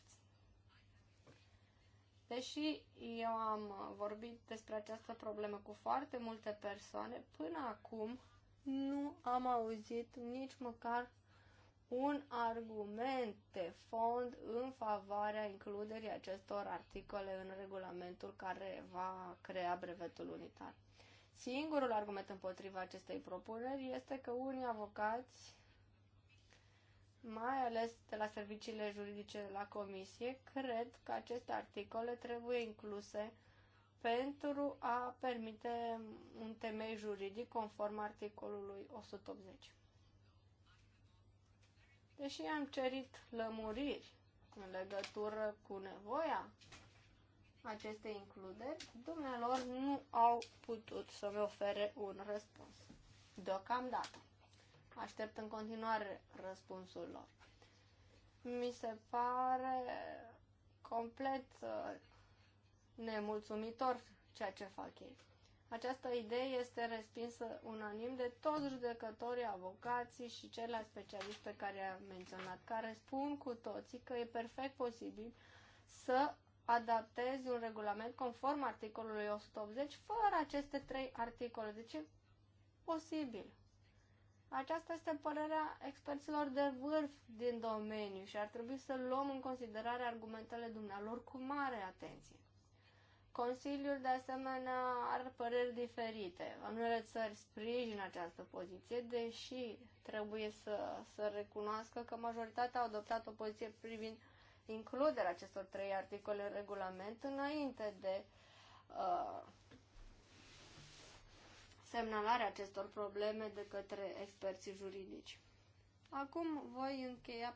Deși eu am vorbit despre această problemă cu foarte multe persoane, până acum nu am auzit nici măcar un argument de fond în favoarea includerii acestor articole în regulamentul care va crea brevetul unitar. Singurul argument împotriva acestei propuneri este că unii avocați, mai ales de la serviciile juridice de la Comisie, cred că aceste articole trebuie incluse pentru a permite un temei juridic conform articolului 180. Deși am cerit lămuriri în legătură cu nevoia acestei includeri, dumnealor nu au putut să-mi ofere un răspuns. Deocamdată. Aștept în continuare răspunsul lor. Mi se pare complet uh, nemulțumitor ceea ce fac ei. Această idee este respinsă unanim de toți judecătorii, avocații și ceilalți specialiști pe care am menționat, care spun cu toții că e perfect posibil să adaptezi un regulament conform articolului 180 fără aceste trei articole. Deci e posibil. Aceasta este părerea experților de vârf din domeniu și ar trebui să luăm în considerare argumentele dumnealor cu mare atenție. Consiliul, de asemenea, are păreri diferite. unele țări sprijină această poziție, deși trebuie să, să recunoască că majoritatea au adoptat o poziție privind includerea acestor trei articole în regulament înainte de uh, semnalarea acestor probleme de către experții juridici. Acum voi încheia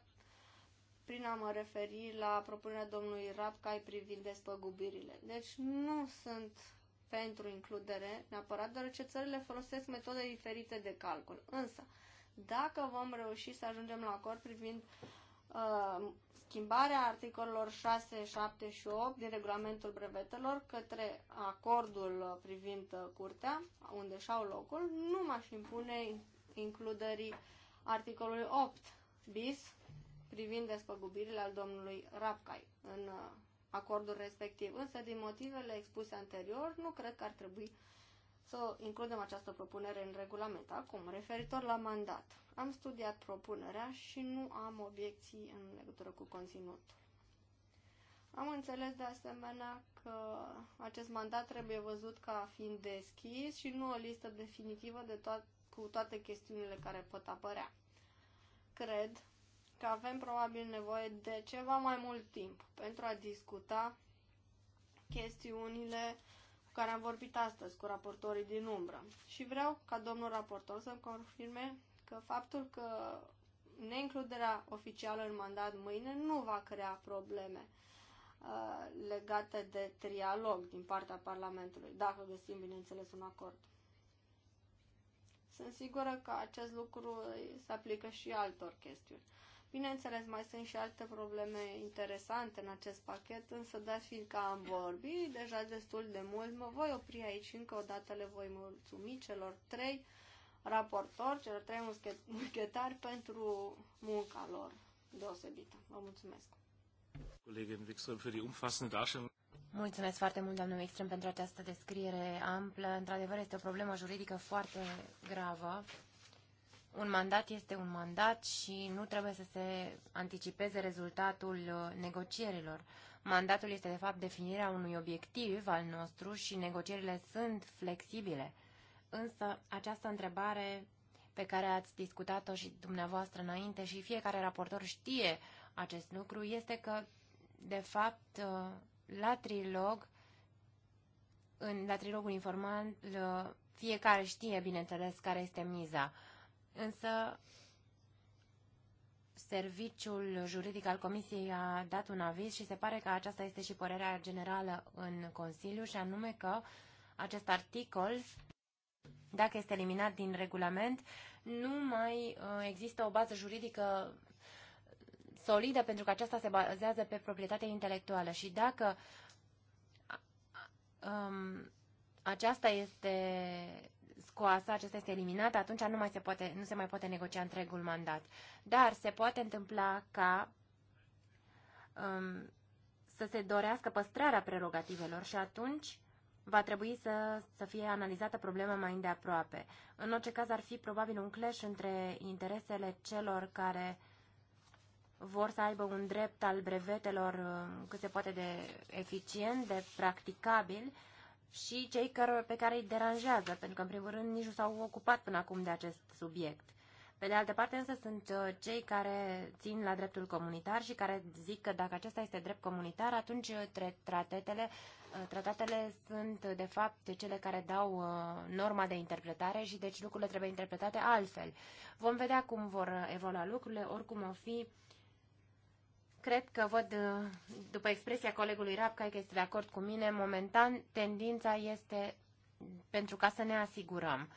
prin a mă referi la propunerea domnului Rapcai privind despăgubirile. Deci nu sunt pentru includere neapărat, deoarece țările folosesc metode diferite de calcul. Însă, dacă vom reuși să ajungem la acord privind uh, schimbarea articolelor 6, 7 și 8 din regulamentul brevetelor către acordul privind curtea, unde și-au locul, nu m-aș impune includerii articolului 8 bis privind despăgubirile al domnului Rapcai în uh, acordul respectiv. Însă, din motivele expuse anterior, nu cred că ar trebui să includem această propunere în regulament. Acum, referitor la mandat, am studiat propunerea și nu am obiecții în legătură cu conținutul. Am înțeles de asemenea că acest mandat trebuie văzut ca fiind deschis și nu o listă definitivă de to- cu toate chestiunile care pot apărea. Cred că avem probabil nevoie de ceva mai mult timp pentru a discuta chestiunile cu care am vorbit astăzi cu raportorii din umbră. Și vreau ca domnul raportor să-mi confirme că faptul că neincluderea oficială în mandat mâine nu va crea probleme uh, legate de trialog din partea Parlamentului, dacă găsim, bineînțeles, un acord. Sunt sigură că acest lucru se aplică și altor chestiuni. Bineînțeles, mai sunt și alte probleme interesante în acest pachet, însă dat fiind că am vorbit deja destul de mult, mă voi opri aici și încă o dată le voi mulțumi celor trei raportori, celor trei muschetari pentru munca lor deosebită. Vă mulțumesc! die Darstellung. Mulțumesc foarte mult, doamnă Mixtrem, pentru această descriere amplă. Într-adevăr, este o problemă juridică foarte gravă un mandat este un mandat și nu trebuie să se anticipeze rezultatul uh, negocierilor. Mandatul este, de fapt, definirea unui obiectiv al nostru și negocierile sunt flexibile. Însă, această întrebare pe care ați discutat-o și dumneavoastră înainte și fiecare raportor știe acest lucru, este că, de fapt, uh, la trilog, în, la trilogul informal, uh, fiecare știe, bineînțeles, care este miza. Însă serviciul juridic al Comisiei a dat un aviz și se pare că aceasta este și părerea generală în Consiliu și anume că acest articol, dacă este eliminat din regulament, nu mai uh, există o bază juridică solidă pentru că aceasta se bazează pe proprietatea intelectuală și dacă um, aceasta este scoasă, acesta este eliminat, atunci nu, mai se poate, nu se mai poate negocia întregul mandat. Dar se poate întâmpla ca um, să se dorească păstrarea prerogativelor și atunci va trebui să, să fie analizată problema mai îndeaproape. În orice caz ar fi probabil un clash între interesele celor care vor să aibă un drept al brevetelor um, cât se poate de eficient, de practicabil, și cei care, pe care îi deranjează, pentru că, în primul rând, nici nu s-au ocupat până acum de acest subiect. Pe de altă parte, însă, sunt uh, cei care țin la dreptul comunitar și care zic că dacă acesta este drept comunitar, atunci uh, tratatele, uh, tratatele sunt, de fapt, cele care dau norma de interpretare și, deci, lucrurile trebuie interpretate altfel. Vom vedea cum vor evolua lucrurile, oricum o fi. Cred că văd, uh, după expresia colegului Rapcai, că este de acord cu mine, momentan tendința este pentru ca să ne asigurăm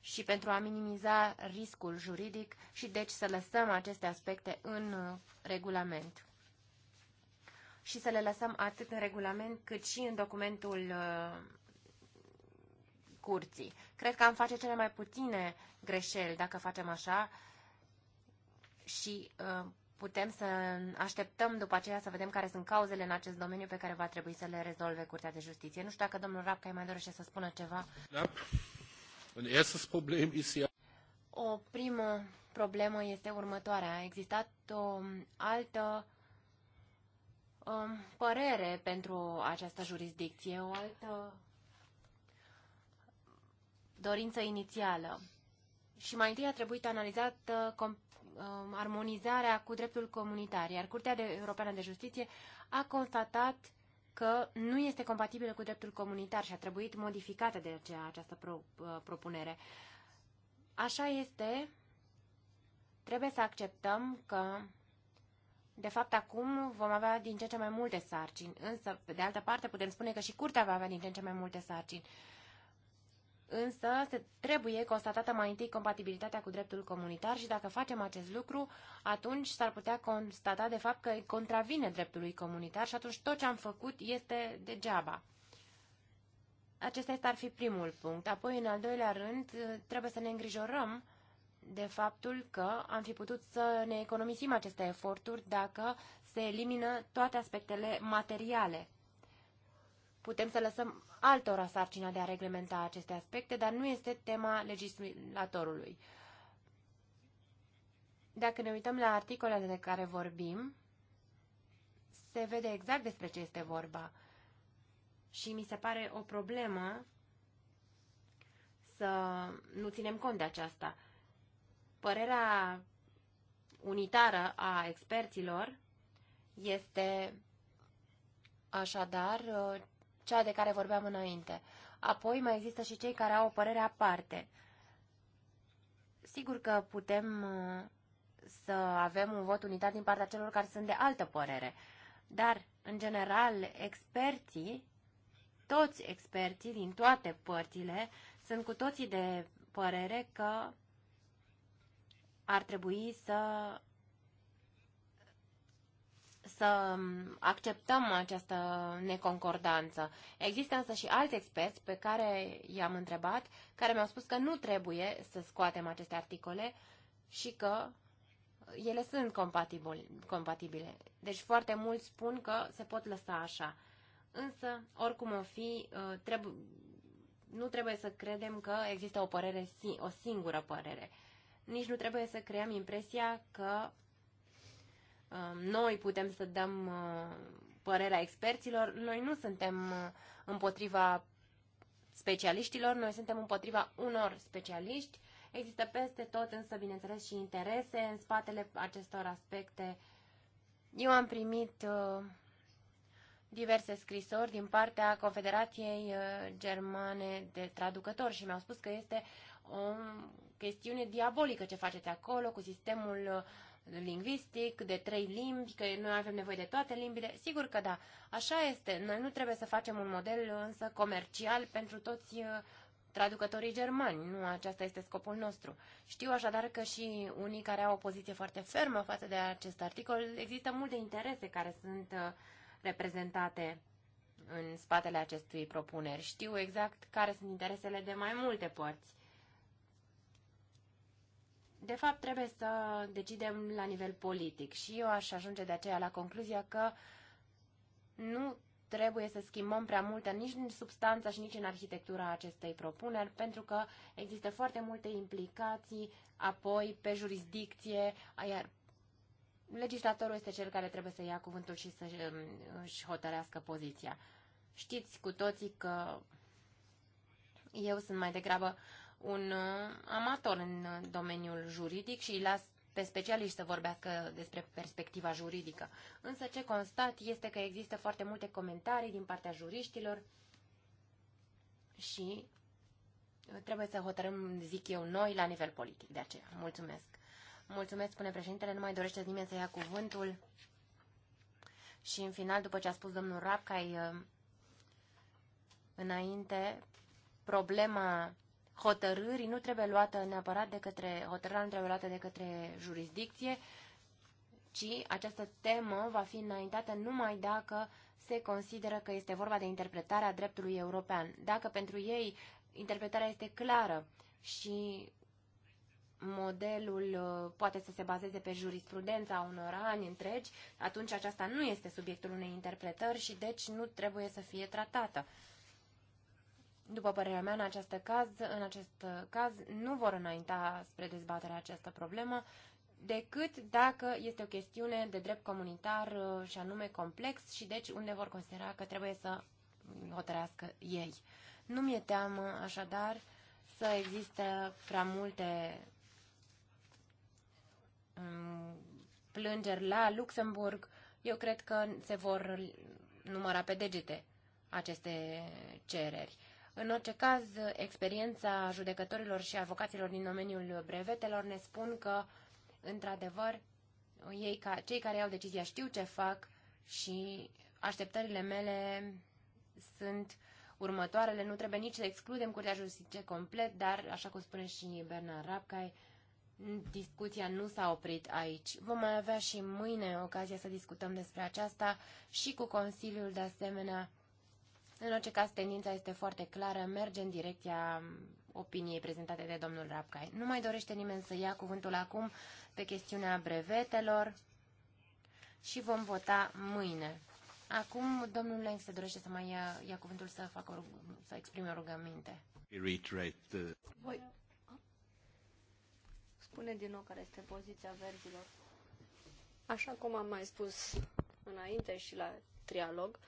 și pentru a minimiza riscul juridic și deci să lăsăm aceste aspecte în uh, regulament. Și să le lăsăm atât în regulament cât și în documentul uh, curții. Cred că am face cele mai puține greșeli dacă facem așa și putem să așteptăm după aceea să vedem care sunt cauzele în acest domeniu pe care va trebui să le rezolve Curtea de Justiție. Nu știu dacă domnul Rapcai mai dorește să spună ceva. Da. Un O primă problemă este următoarea. A existat o altă um, părere pentru această jurisdicție, o altă dorință inițială. Și mai întâi a trebuit analizat Um, armonizarea cu dreptul comunitar, iar Curtea de Europeană de Justiție a constatat că nu este compatibilă cu dreptul comunitar și a trebuit modificată de aceea această pro, uh, propunere. Așa este, trebuie să acceptăm că de fapt, acum vom avea din ce ce mai multe sarcini, însă, pe de altă parte, putem spune că și curtea va avea din ce ce mai multe sarcini însă se trebuie constatată mai întâi compatibilitatea cu dreptul comunitar și dacă facem acest lucru, atunci s-ar putea constata de fapt că contravine dreptului comunitar și atunci tot ce am făcut este degeaba. Acesta este ar fi primul punct. Apoi, în al doilea rând, trebuie să ne îngrijorăm de faptul că am fi putut să ne economisim aceste eforturi dacă se elimină toate aspectele materiale Putem să lăsăm altora sarcina de a reglementa aceste aspecte, dar nu este tema legislatorului. Dacă ne uităm la articolele de care vorbim, se vede exact despre ce este vorba. Și mi se pare o problemă să nu ținem cont de aceasta. Părerea unitară a experților este așadar cea de care vorbeam înainte. Apoi mai există și cei care au o părere aparte. Sigur că putem uh, să avem un vot unitar din partea celor care sunt de altă părere, dar, în general, experții, toți experții din toate părțile, sunt cu toții de părere că ar trebui să să acceptăm această neconcordanță. Există însă și alți experți pe care i-am întrebat, care mi-au spus că nu trebuie să scoatem aceste articole și că ele sunt compatibile. Deci foarte mulți spun că se pot lăsa așa. Însă, oricum o fi, uh, trebu- nu trebuie să credem că există o părere, o singură părere. Nici nu trebuie să creăm impresia că Um, noi putem să dăm uh, părerea experților. Noi nu suntem uh, împotriva specialiștilor, noi suntem împotriva unor specialiști. Există peste tot însă, bineînțeles, și interese în spatele acestor aspecte. Eu am primit uh, diverse scrisori din partea Confederației Germane de Traducători și mi-au spus că este o chestiune diabolică ce faceți acolo cu sistemul lingvistic, de trei limbi, că noi avem nevoie de toate limbile. Sigur că da, așa este. Noi nu trebuie să facem un model însă comercial pentru toți uh, traducătorii germani. Nu aceasta este scopul nostru. Știu așadar că și unii care au o poziție foarte fermă față de acest articol, există multe interese care sunt uh, reprezentate în spatele acestui propuneri. Știu exact care sunt interesele de mai multe părți. De fapt, trebuie să decidem la nivel politic și eu aș ajunge de aceea la concluzia că nu trebuie să schimbăm prea multe nici în substanța și nici în arhitectura acestei propuneri, pentru că există foarte multe implicații apoi pe jurisdicție, iar legislatorul este cel care trebuie să ia cuvântul și să um, își hotărească poziția. Știți cu toții că eu sunt mai degrabă uh, un uh, amator în uh, domeniul juridic și îi las pe specialiști să vorbească despre perspectiva juridică. Însă ce constat este că există foarte multe comentarii din partea juriștilor și uh, trebuie să hotărâm, zic eu, noi la nivel politic. De aceea, mulțumesc. Mulțumesc, spune președintele, nu mai dorește nimeni să ia cuvântul. Și în final, după ce a spus domnul Rapcai înainte, problema hotărâri nu trebuie luată neapărat de către, hotărârea nu trebuie luată de către jurisdicție, ci această temă va fi înaintată numai dacă se consideră că este vorba de interpretarea dreptului european. Dacă pentru ei interpretarea este clară și modelul uh, poate să se bazeze pe jurisprudența unor ani întregi, atunci aceasta nu este subiectul unei interpretări și deci nu trebuie să fie tratată. După părerea mea, în acest caz, în acest caz nu vor înainta spre dezbaterea această problemă, decât dacă este o chestiune de drept comunitar uh, și anume complex și deci unde vor considera că trebuie să hotărească ei. Nu mi-e teamă, așadar, să existe prea multe um, plângeri la Luxemburg. Eu cred că se vor număra pe degete aceste cereri. În orice caz, experiența judecătorilor și avocaților din domeniul brevetelor ne spun că, într-adevăr, ei ca, cei care iau decizia știu ce fac și așteptările mele sunt următoarele. Nu trebuie nici să excludem Curtea Justiție complet, dar, așa cum spune și Bernard Rapcai, discuția nu s-a oprit aici. Vom mai avea și mâine ocazia să discutăm despre aceasta și cu Consiliul de asemenea în orice caz, tendința este foarte clară, merge în direcția opiniei prezentate de domnul Rapcai. Nu mai dorește nimeni să ia cuvântul acum pe chestiunea brevetelor și vom vota mâine. Acum, domnul Lenk se dorește să mai ia, ia cuvântul să, facă o, să exprime o rugăminte. Voi... Spune din nou care este poziția verzilor. Așa cum am mai spus înainte și la trialog, uh,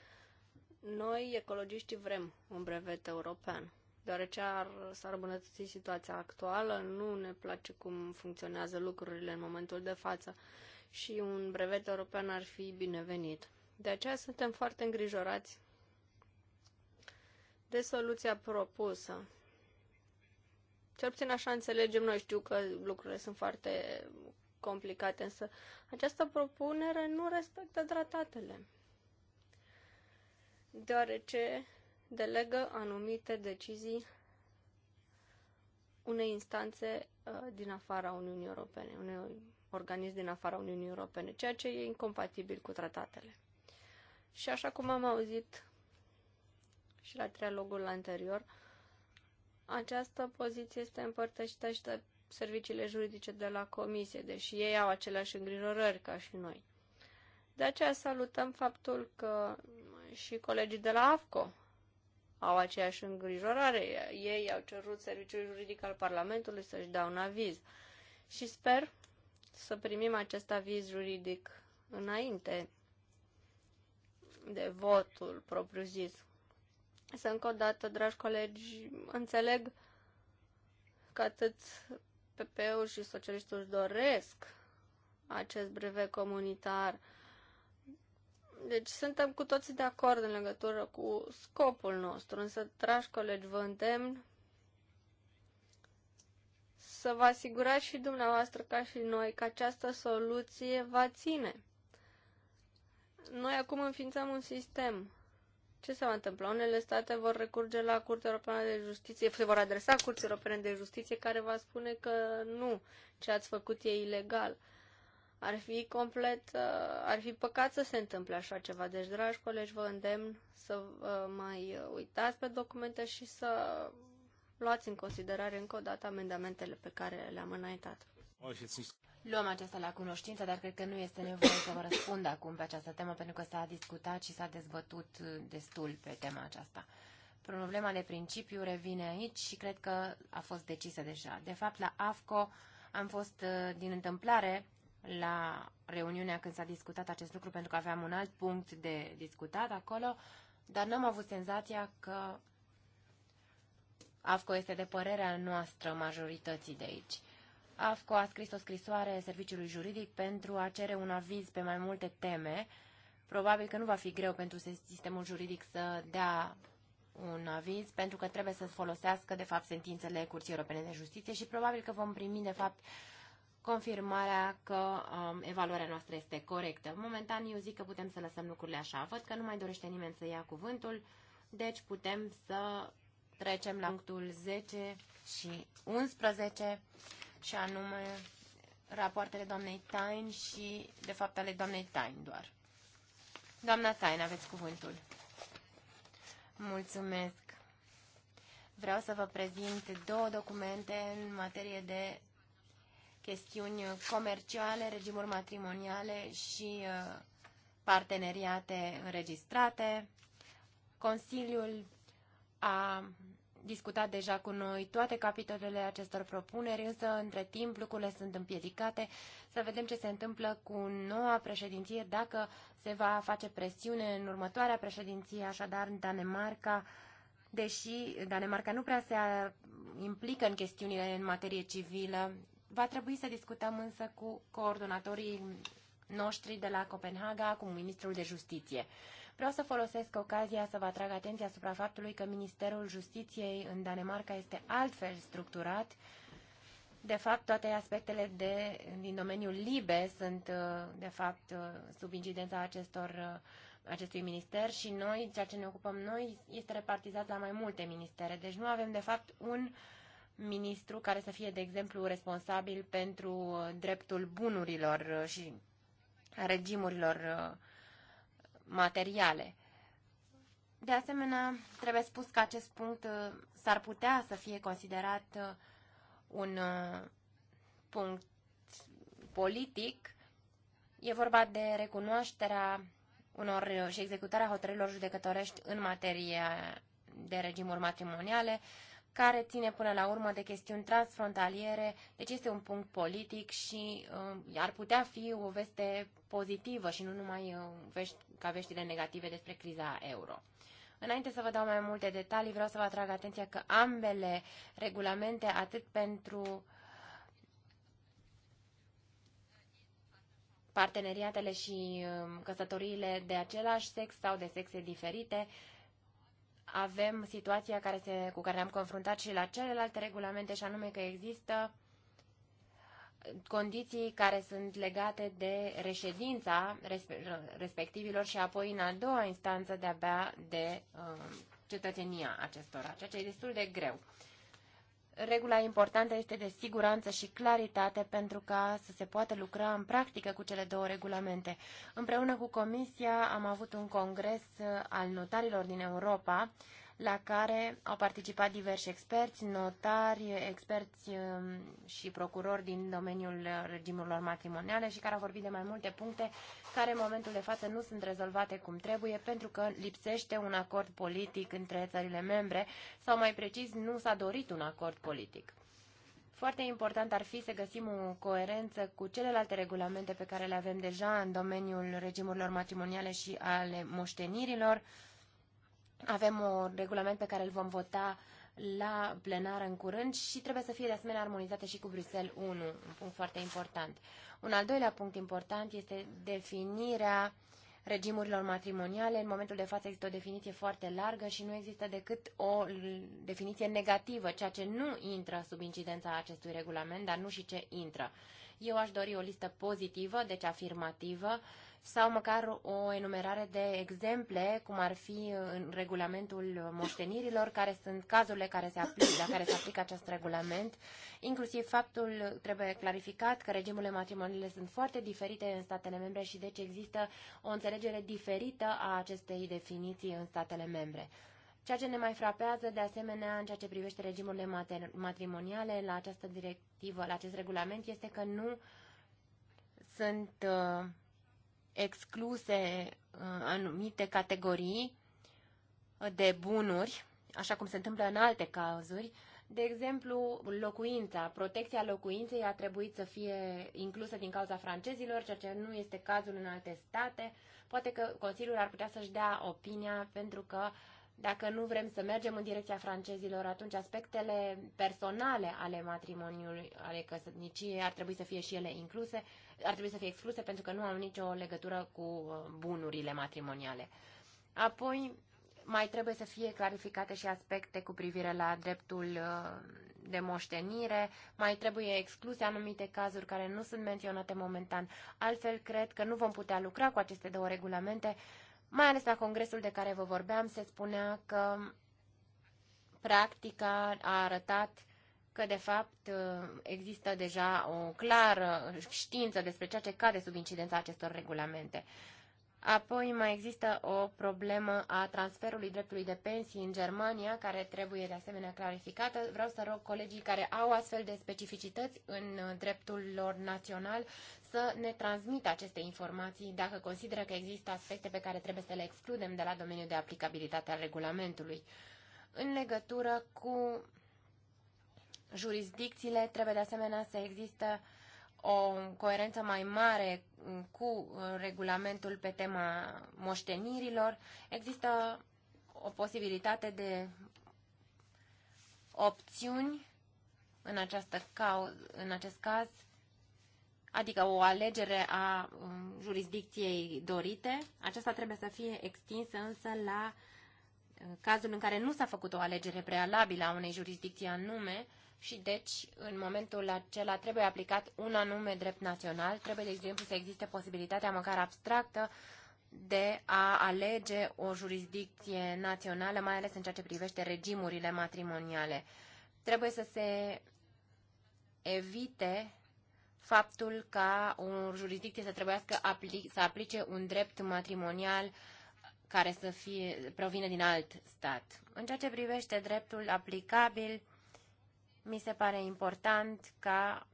noi, ecologiștii, vrem un brevet european, deoarece ar, s-ar îmbunătăți situația actuală, nu ne place cum funcționează lucrurile în momentul de față și un brevet european ar fi binevenit. De aceea suntem foarte îngrijorați de soluția propusă. Cel puțin așa înțelegem noi, știu că lucrurile sunt foarte complicate, însă această propunere nu respectă tratatele deoarece delegă anumite decizii unei instanțe uh, din afara Uniunii Europene, unui organism din afara Uniunii Europene, ceea ce e incompatibil cu tratatele. Și așa cum am auzit și la trialogul anterior, această poziție este împărtășită și de serviciile juridice de la Comisie, deși ei au aceleași îngrijorări ca și noi. De aceea salutăm faptul că și colegii de la AFCO au aceeași îngrijorare. Ei au cerut serviciul juridic al Parlamentului să-și dea un aviz. Și sper să primim acest aviz juridic înainte de votul propriu-zis. Să încă o dată, dragi colegi, înțeleg că atât PP-ul și socialistul își doresc acest brevet comunitar deci suntem cu toții de acord în legătură cu scopul nostru, însă, dragi colegi, vă îndemn să vă asigurați și dumneavoastră ca și noi că această soluție va ține. Noi acum înființăm un sistem. Ce se va întâmpla? Unele state vor recurge la Curtea Europeană de Justiție, se vor adresa Curții Europene de Justiție care va spune că nu, ce ați făcut e ilegal. Ar fi complet, uh, ar fi păcat să se întâmple așa ceva. Deci, dragi colegi, vă îndemn să uh, mai uh, uitați pe documente și să luați în considerare încă o dată amendamentele pe care le-am înaintat. Luăm aceasta la cunoștință, dar cred că nu este nevoie să vă răspund acum pe această temă, pentru că s-a discutat și s-a dezbătut destul pe tema aceasta. Problema de principiu revine aici și cred că a fost decisă deja. De fapt, la AFCO am fost din întâmplare la reuniunea când s-a discutat acest lucru, pentru că aveam un alt punct de discutat acolo, dar n-am avut senzația că AFCO este de părerea noastră majorității de aici. AFCO a scris o scrisoare serviciului juridic pentru a cere un aviz pe mai multe teme. Probabil că nu va fi greu pentru sistemul juridic să dea un aviz, pentru că trebuie să folosească, de fapt, sentințele Curții Europene de Justiție și probabil că vom primi, de fapt, uh, confirmarea că um, evaluarea noastră este corectă. Momentan eu zic că putem să lăsăm lucrurile așa. Văd că nu mai dorește nimeni să ia cuvântul, deci putem să trecem la punctul 10 și 11 și anume rapoartele doamnei Tain și de fapt ale doamnei Tain doar. Doamna Tain, aveți cuvântul. Mulțumesc. Vreau să vă prezint două documente în materie de chestiuni comerciale, regimuri matrimoniale și uh, parteneriate înregistrate. Consiliul a discutat deja cu noi toate capitolele acestor propuneri, însă între timp lucrurile sunt împiedicate. Să vedem ce se întâmplă cu noua președinție, dacă se va face presiune în următoarea președinție, așadar în Danemarca, deși Danemarca nu prea se implică în chestiunile în materie civilă, Va trebui să discutăm însă cu coordonatorii noștri de la Copenhaga, cu Ministrul de Justiție. Vreau să folosesc ocazia să vă atrag atenția asupra faptului că Ministerul Justiției în Danemarca este altfel structurat. De fapt, toate aspectele de, din domeniul LIBE sunt, uh, de fapt, uh, sub incidența acestor, uh, acestui minister și noi, ceea ce ne ocupăm noi, este repartizat la mai multe ministere. Deci nu avem, de fapt, un uh, ministru care să fie, de exemplu, responsabil pentru uh, dreptul bunurilor uh, și regimurilor uh, materiale. De asemenea, trebuie spus că acest punct s-ar putea să fie considerat un punct politic. E vorba de recunoașterea unor și executarea hotărârilor judecătorești în materie de regimuri matrimoniale, care ține până la urmă de chestiuni transfrontaliere, deci este un punct politic și uh, ar putea fi o veste pozitivă și nu numai uh, vești, ca veștile negative despre criza euro. Înainte să vă dau mai multe detalii, vreau să vă atrag atenția că ambele regulamente, atât pentru parteneriatele și um, căsătoriile de același sex sau de sexe diferite, uh, avem situația care se, cu care ne-am confruntat și la celelalte regulamente, și anume că există condiții care sunt legate de reședința respectivilor și apoi în a doua instanță de-abia de uh, cetățenia acestora, ceea ce e destul de greu. Regula importantă este de siguranță și claritate pentru ca să se poată lucra în practică cu cele două regulamente. Împreună cu Comisia am avut un congres uh, al notarilor din Europa la care au participat diversi experți, notari, experți um, și procurori din domeniul regimurilor matrimoniale și care au vorbit de mai multe puncte care în momentul de față nu sunt rezolvate cum trebuie pentru că lipsește un acord politic între țările membre sau mai precis nu s-a dorit un acord politic. Foarte important ar fi să găsim o coerență cu celelalte regulamente pe care le avem deja în domeniul regimurilor matrimoniale și ale moștenirilor, avem un regulament pe care îl vom vota la plenară în curând și trebuie să fie de asemenea armonizate și cu Bruxelles 1, un punct foarte important. Un al doilea punct important este definirea regimurilor matrimoniale. În momentul de față există o definiție foarte largă și nu există decât o definiție negativă, ceea ce nu intră sub incidența acestui regulament, dar nu și ce intră. Eu aș dori o listă pozitivă, deci afirmativă, sau măcar o enumerare de exemple, cum ar fi în regulamentul moștenirilor, care sunt cazurile care se aplică, la care se aplică acest regulament. Inclusiv faptul trebuie clarificat că regimurile matrimoniale sunt foarte diferite în statele membre și deci există o înțelegere diferită a acestei definiții în statele membre. Ceea ce ne mai frapează, de asemenea, în ceea ce privește regimurile matrimoniale la această directivă, la acest regulament, este că nu sunt uh, excluse uh, anumite categorii de bunuri, așa cum se întâmplă în alte cazuri. De exemplu, locuința, protecția locuinței a trebuit să fie inclusă din cauza francezilor, ceea ce nu este cazul în alte state. Poate că Consiliul ar putea să-și dea opinia pentru că dacă nu vrem să mergem în direcția francezilor, atunci aspectele personale ale matrimoniului, ale căsătniciei, ar trebui să fie și ele incluse, ar trebui să fie excluse pentru că nu au nicio legătură cu uh, bunurile matrimoniale. Apoi, mai trebuie să fie clarificate și aspecte cu privire la dreptul uh, de moștenire, mai trebuie excluse anumite cazuri care nu sunt menționate momentan. Altfel, cred că nu vom putea lucra cu aceste două regulamente mai ales la congresul de care vă vorbeam, se spunea că practica a arătat că, de fapt, există deja o clară știință despre ceea ce cade sub incidența acestor regulamente. Apoi mai există o problemă a transferului dreptului de pensii în Germania, care trebuie de asemenea clarificată. Vreau să rog colegii care au astfel de specificități în uh, dreptul lor național să ne transmită aceste informații dacă consideră că există aspecte pe care trebuie să le excludem de la domeniul de aplicabilitate al regulamentului. În legătură cu jurisdicțiile, trebuie de asemenea să există uh, o coerență mai mare cu uh, regulamentul pe tema moștenirilor, există o posibilitate de opțiuni în, această cau- în acest caz, adică o alegere a um, jurisdicției dorite. Aceasta trebuie să fie extinsă însă la uh, cazul în care nu s-a făcut o alegere prealabilă a unei jurisdicții anume, și deci în momentul acela trebuie aplicat un anume drept național. Trebuie, de exemplu, să existe posibilitatea măcar abstractă de a alege o jurisdicție națională, mai ales în ceea ce privește regimurile matrimoniale. Trebuie să se evite faptul ca o jurisdicție să trebuiască aplic să aplice un drept matrimonial care să fie, provine din alt stat. În ceea ce privește dreptul aplicabil, mi se pare important ca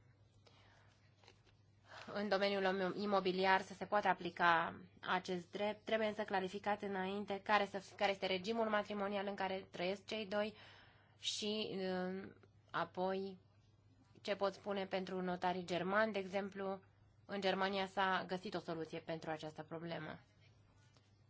în domeniul imobiliar să se poată aplica acest drept. Trebuie însă clarificat înainte care, să, care este regimul matrimonial în care trăiesc cei doi și um, apoi ce pot spune pentru notarii germani, de exemplu, în Germania s-a găsit o soluție pentru această problemă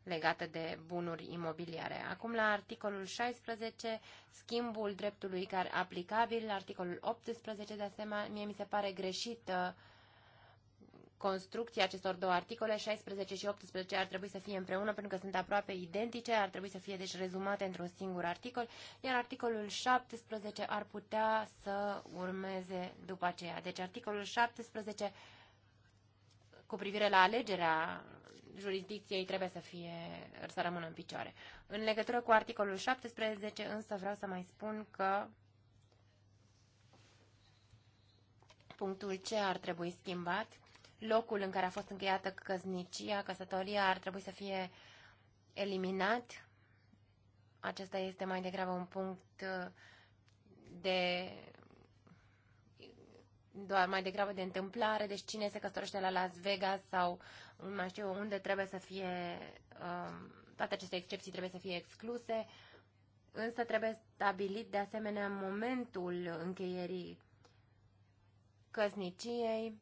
legată de bunuri imobiliare. Acum la articolul 16, schimbul dreptului care aplicabil, articolul 18 de asemenea, mie mi se pare greșită uh, construcția acestor două articole, 16 și 18 ar trebui să fie împreună pentru că sunt aproape identice, ar trebui să fie deci rezumate într-un singur articol, iar articolul 17 ar putea să urmeze după aceea. Deci articolul 17 cu privire la alegerea jurisdicției trebuie să fie, să rămână în picioare. În legătură cu articolul 17, însă vreau să mai spun că punctul C ar trebui schimbat. Locul în care a fost încheiată căsnicia, căsătoria, ar trebui să fie eliminat. Acesta este mai degrabă un punct de doar mai degrabă de întâmplare, deci cine se căsătorește la Las Vegas sau mai știu unde trebuie să fie, um, toate aceste excepții trebuie să fie excluse, însă trebuie stabilit de asemenea momentul încheierii căsniciei.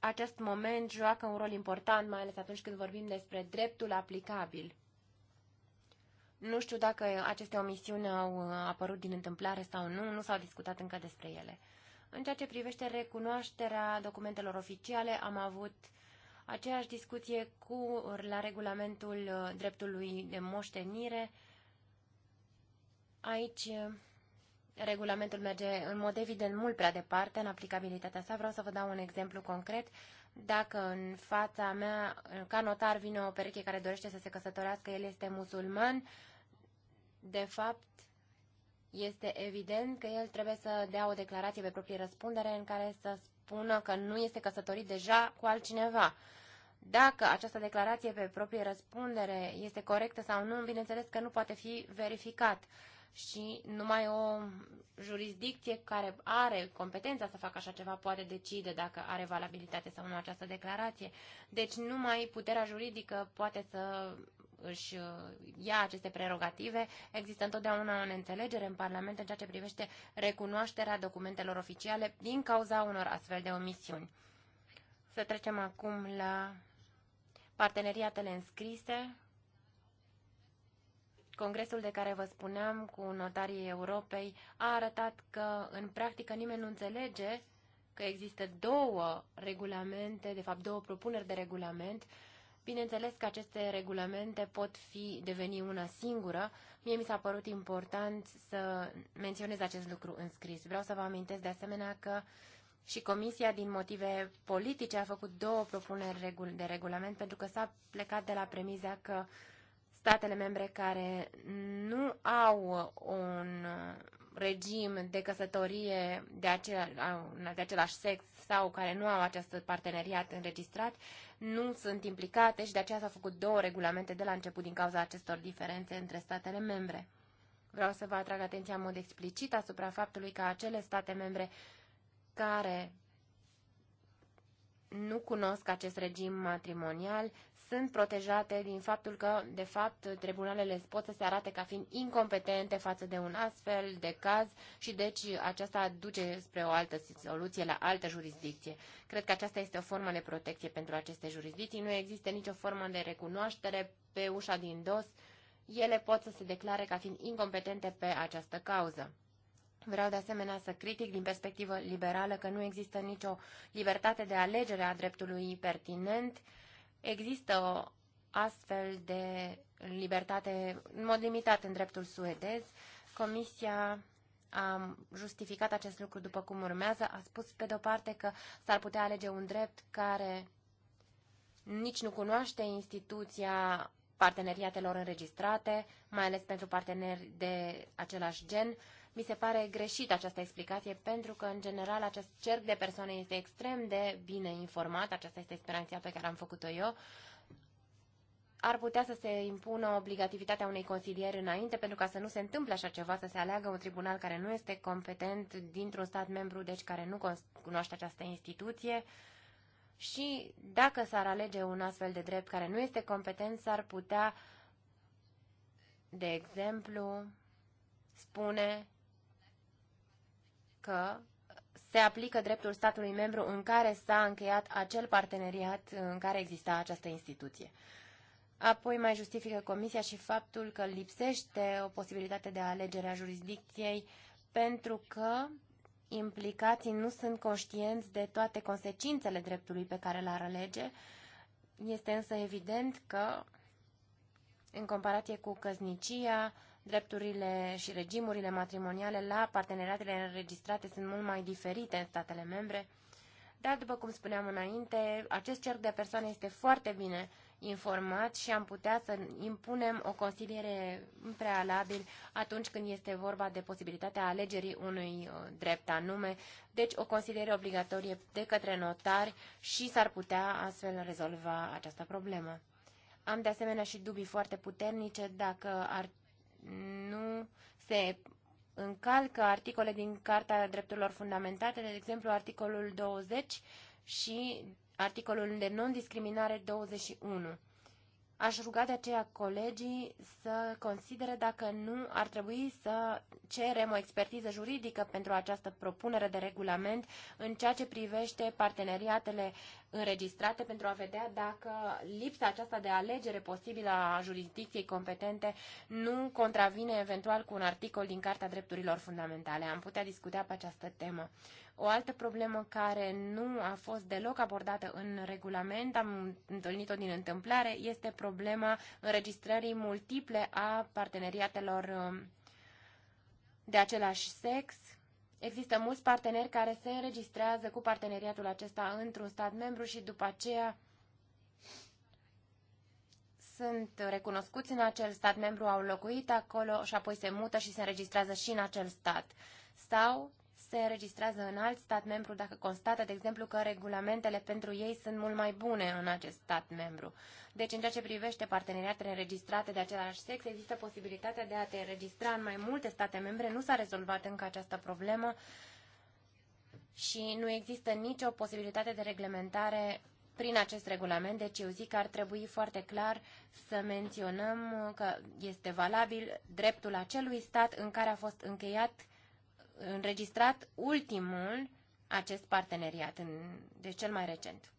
Acest moment joacă un rol important, mai ales atunci când vorbim despre dreptul aplicabil. Nu știu dacă aceste omisiuni au apărut din întâmplare sau nu, nu s-au discutat încă despre ele. În ceea ce privește recunoașterea documentelor oficiale, am avut aceeași discuție cu la regulamentul uh, dreptului de moștenire. Aici uh, regulamentul merge în mod evident mult prea departe în aplicabilitatea sa. Vreau să vă dau un exemplu concret. Dacă în fața mea, uh, ca notar, vine o pereche care dorește să se căsătorească, el este musulman, de fapt, este evident că el trebuie să dea o declarație pe proprie răspundere în care să spună că nu este căsătorit deja cu altcineva. Dacă această declarație pe proprie răspundere este corectă sau nu, bineînțeles că nu poate fi verificat și numai o jurisdicție care are competența să facă așa ceva poate decide dacă are valabilitate sau nu această declarație. Deci numai puterea juridică poate să își uh, ia aceste prerogative. Există întotdeauna o înțelegere în Parlament în ceea ce privește recunoașterea documentelor oficiale din cauza unor astfel de omisiuni. Să trecem acum la parteneriatele înscrise. Congresul de care vă spuneam cu notarii Europei a arătat că în practică nimeni nu înțelege că există două regulamente, de fapt două propuneri de regulament Bineînțeles că aceste regulamente pot fi deveni una singură. Mie mi s-a părut important să menționez acest lucru în scris. Vreau să vă amintesc de asemenea că și Comisia, din motive politice, a făcut două propuneri de regulament pentru că s-a plecat de la premiza că statele membre care nu au un regim de căsătorie de, acela, de același sex sau care nu au acest parteneriat înregistrat nu sunt implicate și de aceea s-au făcut două regulamente de la început din cauza acestor diferențe între statele membre. Vreau să vă atrag atenția în mod explicit asupra faptului că acele state membre care nu cunosc acest regim matrimonial sunt protejate din faptul că, de fapt, tribunalele pot să se arate ca fiind incompetente față de un astfel de caz și, deci, aceasta duce spre o altă soluție la altă jurisdicție. Cred că aceasta este o formă de protecție pentru aceste jurisdicții. Nu există nicio formă de recunoaștere pe ușa din dos. Ele pot să se declare ca fiind incompetente pe această cauză. Vreau de asemenea să critic din perspectivă liberală că nu există nicio libertate de alegere a dreptului pertinent Există o astfel de libertate în mod limitat în dreptul suedez. Comisia a justificat acest lucru după cum urmează. A spus, pe de-o parte, că s-ar putea alege un drept care nici nu cunoaște instituția parteneriatelor înregistrate, mai ales pentru parteneri de același gen, mi se pare greșită această explicație pentru că, în general, acest cerc de persoane este extrem de bine informat, aceasta este experiența pe care am făcut-o eu, ar putea să se impună obligativitatea unei consilieri înainte, pentru ca să nu se întâmple așa ceva, să se aleagă un tribunal care nu este competent dintr-un stat membru, deci care nu cunoaște această instituție. Și dacă s-ar alege un astfel de drept care nu este competent, s-ar putea, de exemplu, spune că se aplică dreptul statului membru în care s-a încheiat acel parteneriat în care exista această instituție. Apoi mai justifică Comisia și faptul că lipsește o posibilitate de alegere a jurisdicției pentru că implicații nu sunt conștienți de toate consecințele dreptului pe care l-ar alege. Este însă evident că, în comparație cu căznicia, drepturile și regimurile matrimoniale la parteneriatele înregistrate sunt mult mai diferite în statele membre, dar, după cum spuneam înainte, acest cerc de persoane este foarte bine informat și am putea să impunem o consiliere în prealabil atunci când este vorba de posibilitatea alegerii unui uh, drept anume, deci o consiliere obligatorie de către notari și s-ar putea astfel rezolva această problemă. Am de asemenea și dubii foarte puternice dacă ar nu se încalcă articole din Carta Drepturilor Fundamentale, de exemplu articolul 20 și articolul de non-discriminare 21. Aș ruga de aceea colegii să considere dacă nu ar trebui să cerem o expertiză juridică pentru această propunere de regulament în ceea ce privește parteneriatele înregistrate pentru a vedea dacă lipsa aceasta de alegere posibilă a jurisdicției competente nu contravine eventual cu un articol din Carta Drepturilor Fundamentale. Am putea discuta pe această temă. O altă problemă care nu a fost deloc abordată în regulament, am întâlnit-o din întâmplare, este problema înregistrării multiple a parteneriatelor um, de același sex. Există mulți parteneri care se înregistrează cu parteneriatul acesta într-un stat membru și după aceea sunt recunoscuți în acel stat membru, au locuit acolo și apoi se mută și se înregistrează și în acel stat. Sau se înregistrează în alt stat membru dacă constată, de exemplu, că regulamentele pentru ei sunt mult mai bune în acest stat membru. Deci, în ceea ce privește parteneriatele înregistrate de același sex, există posibilitatea de a te înregistra în mai multe state membre. Nu s-a rezolvat încă această problemă și nu există nicio posibilitate de reglementare prin acest regulament, deci eu zic că ar trebui foarte clar să menționăm că este valabil dreptul acelui stat în care a fost încheiat înregistrat ultimul acest parteneriat, în, de deci cel mai recent.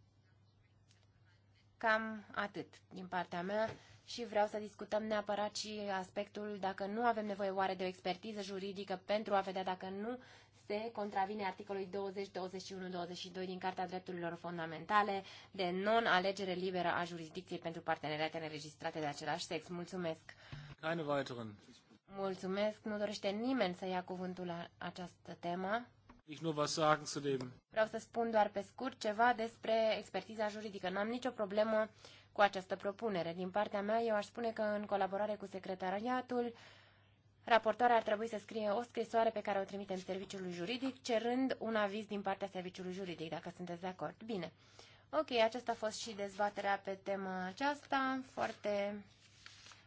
Cam atât din partea mea și vreau să discutăm neapărat și aspectul dacă nu avem nevoie oare de o expertiză juridică pentru a vedea dacă nu se contravine articolului 20, 21, 22 din Carta Drepturilor Fundamentale de non-alegere liberă a jurisdicției pentru parteneriate înregistrate de același sex. Mulțumesc! Keine weiteren Mulțumesc. Nu dorește nimeni să ia cuvântul la această temă. Vreau să spun doar pe scurt ceva despre expertiza juridică. N-am nicio problemă cu această propunere. Din partea mea, eu aș spune că în colaborare cu secretariatul, raportoarea ar trebui să scrie o scrisoare pe care o trimitem serviciului juridic, cerând un aviz din partea serviciului juridic, dacă sunteți de acord. Bine. Ok, aceasta a fost și dezbaterea pe tema aceasta, foarte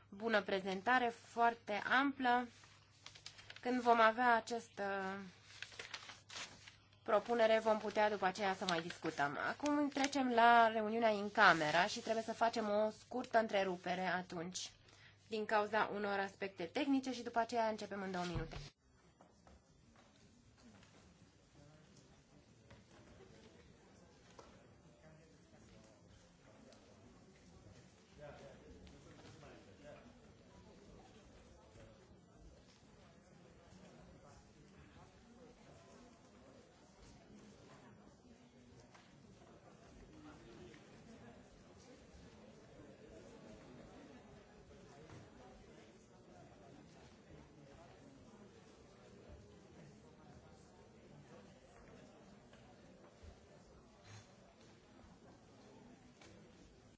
bună prezentare, foarte amplă. Când vom avea această propunere, vom putea după aceea să mai discutăm. Acum trecem la reuniunea în camera și trebuie să facem o scurtă întrerupere atunci din cauza unor aspecte tehnice și după aceea începem în două minute.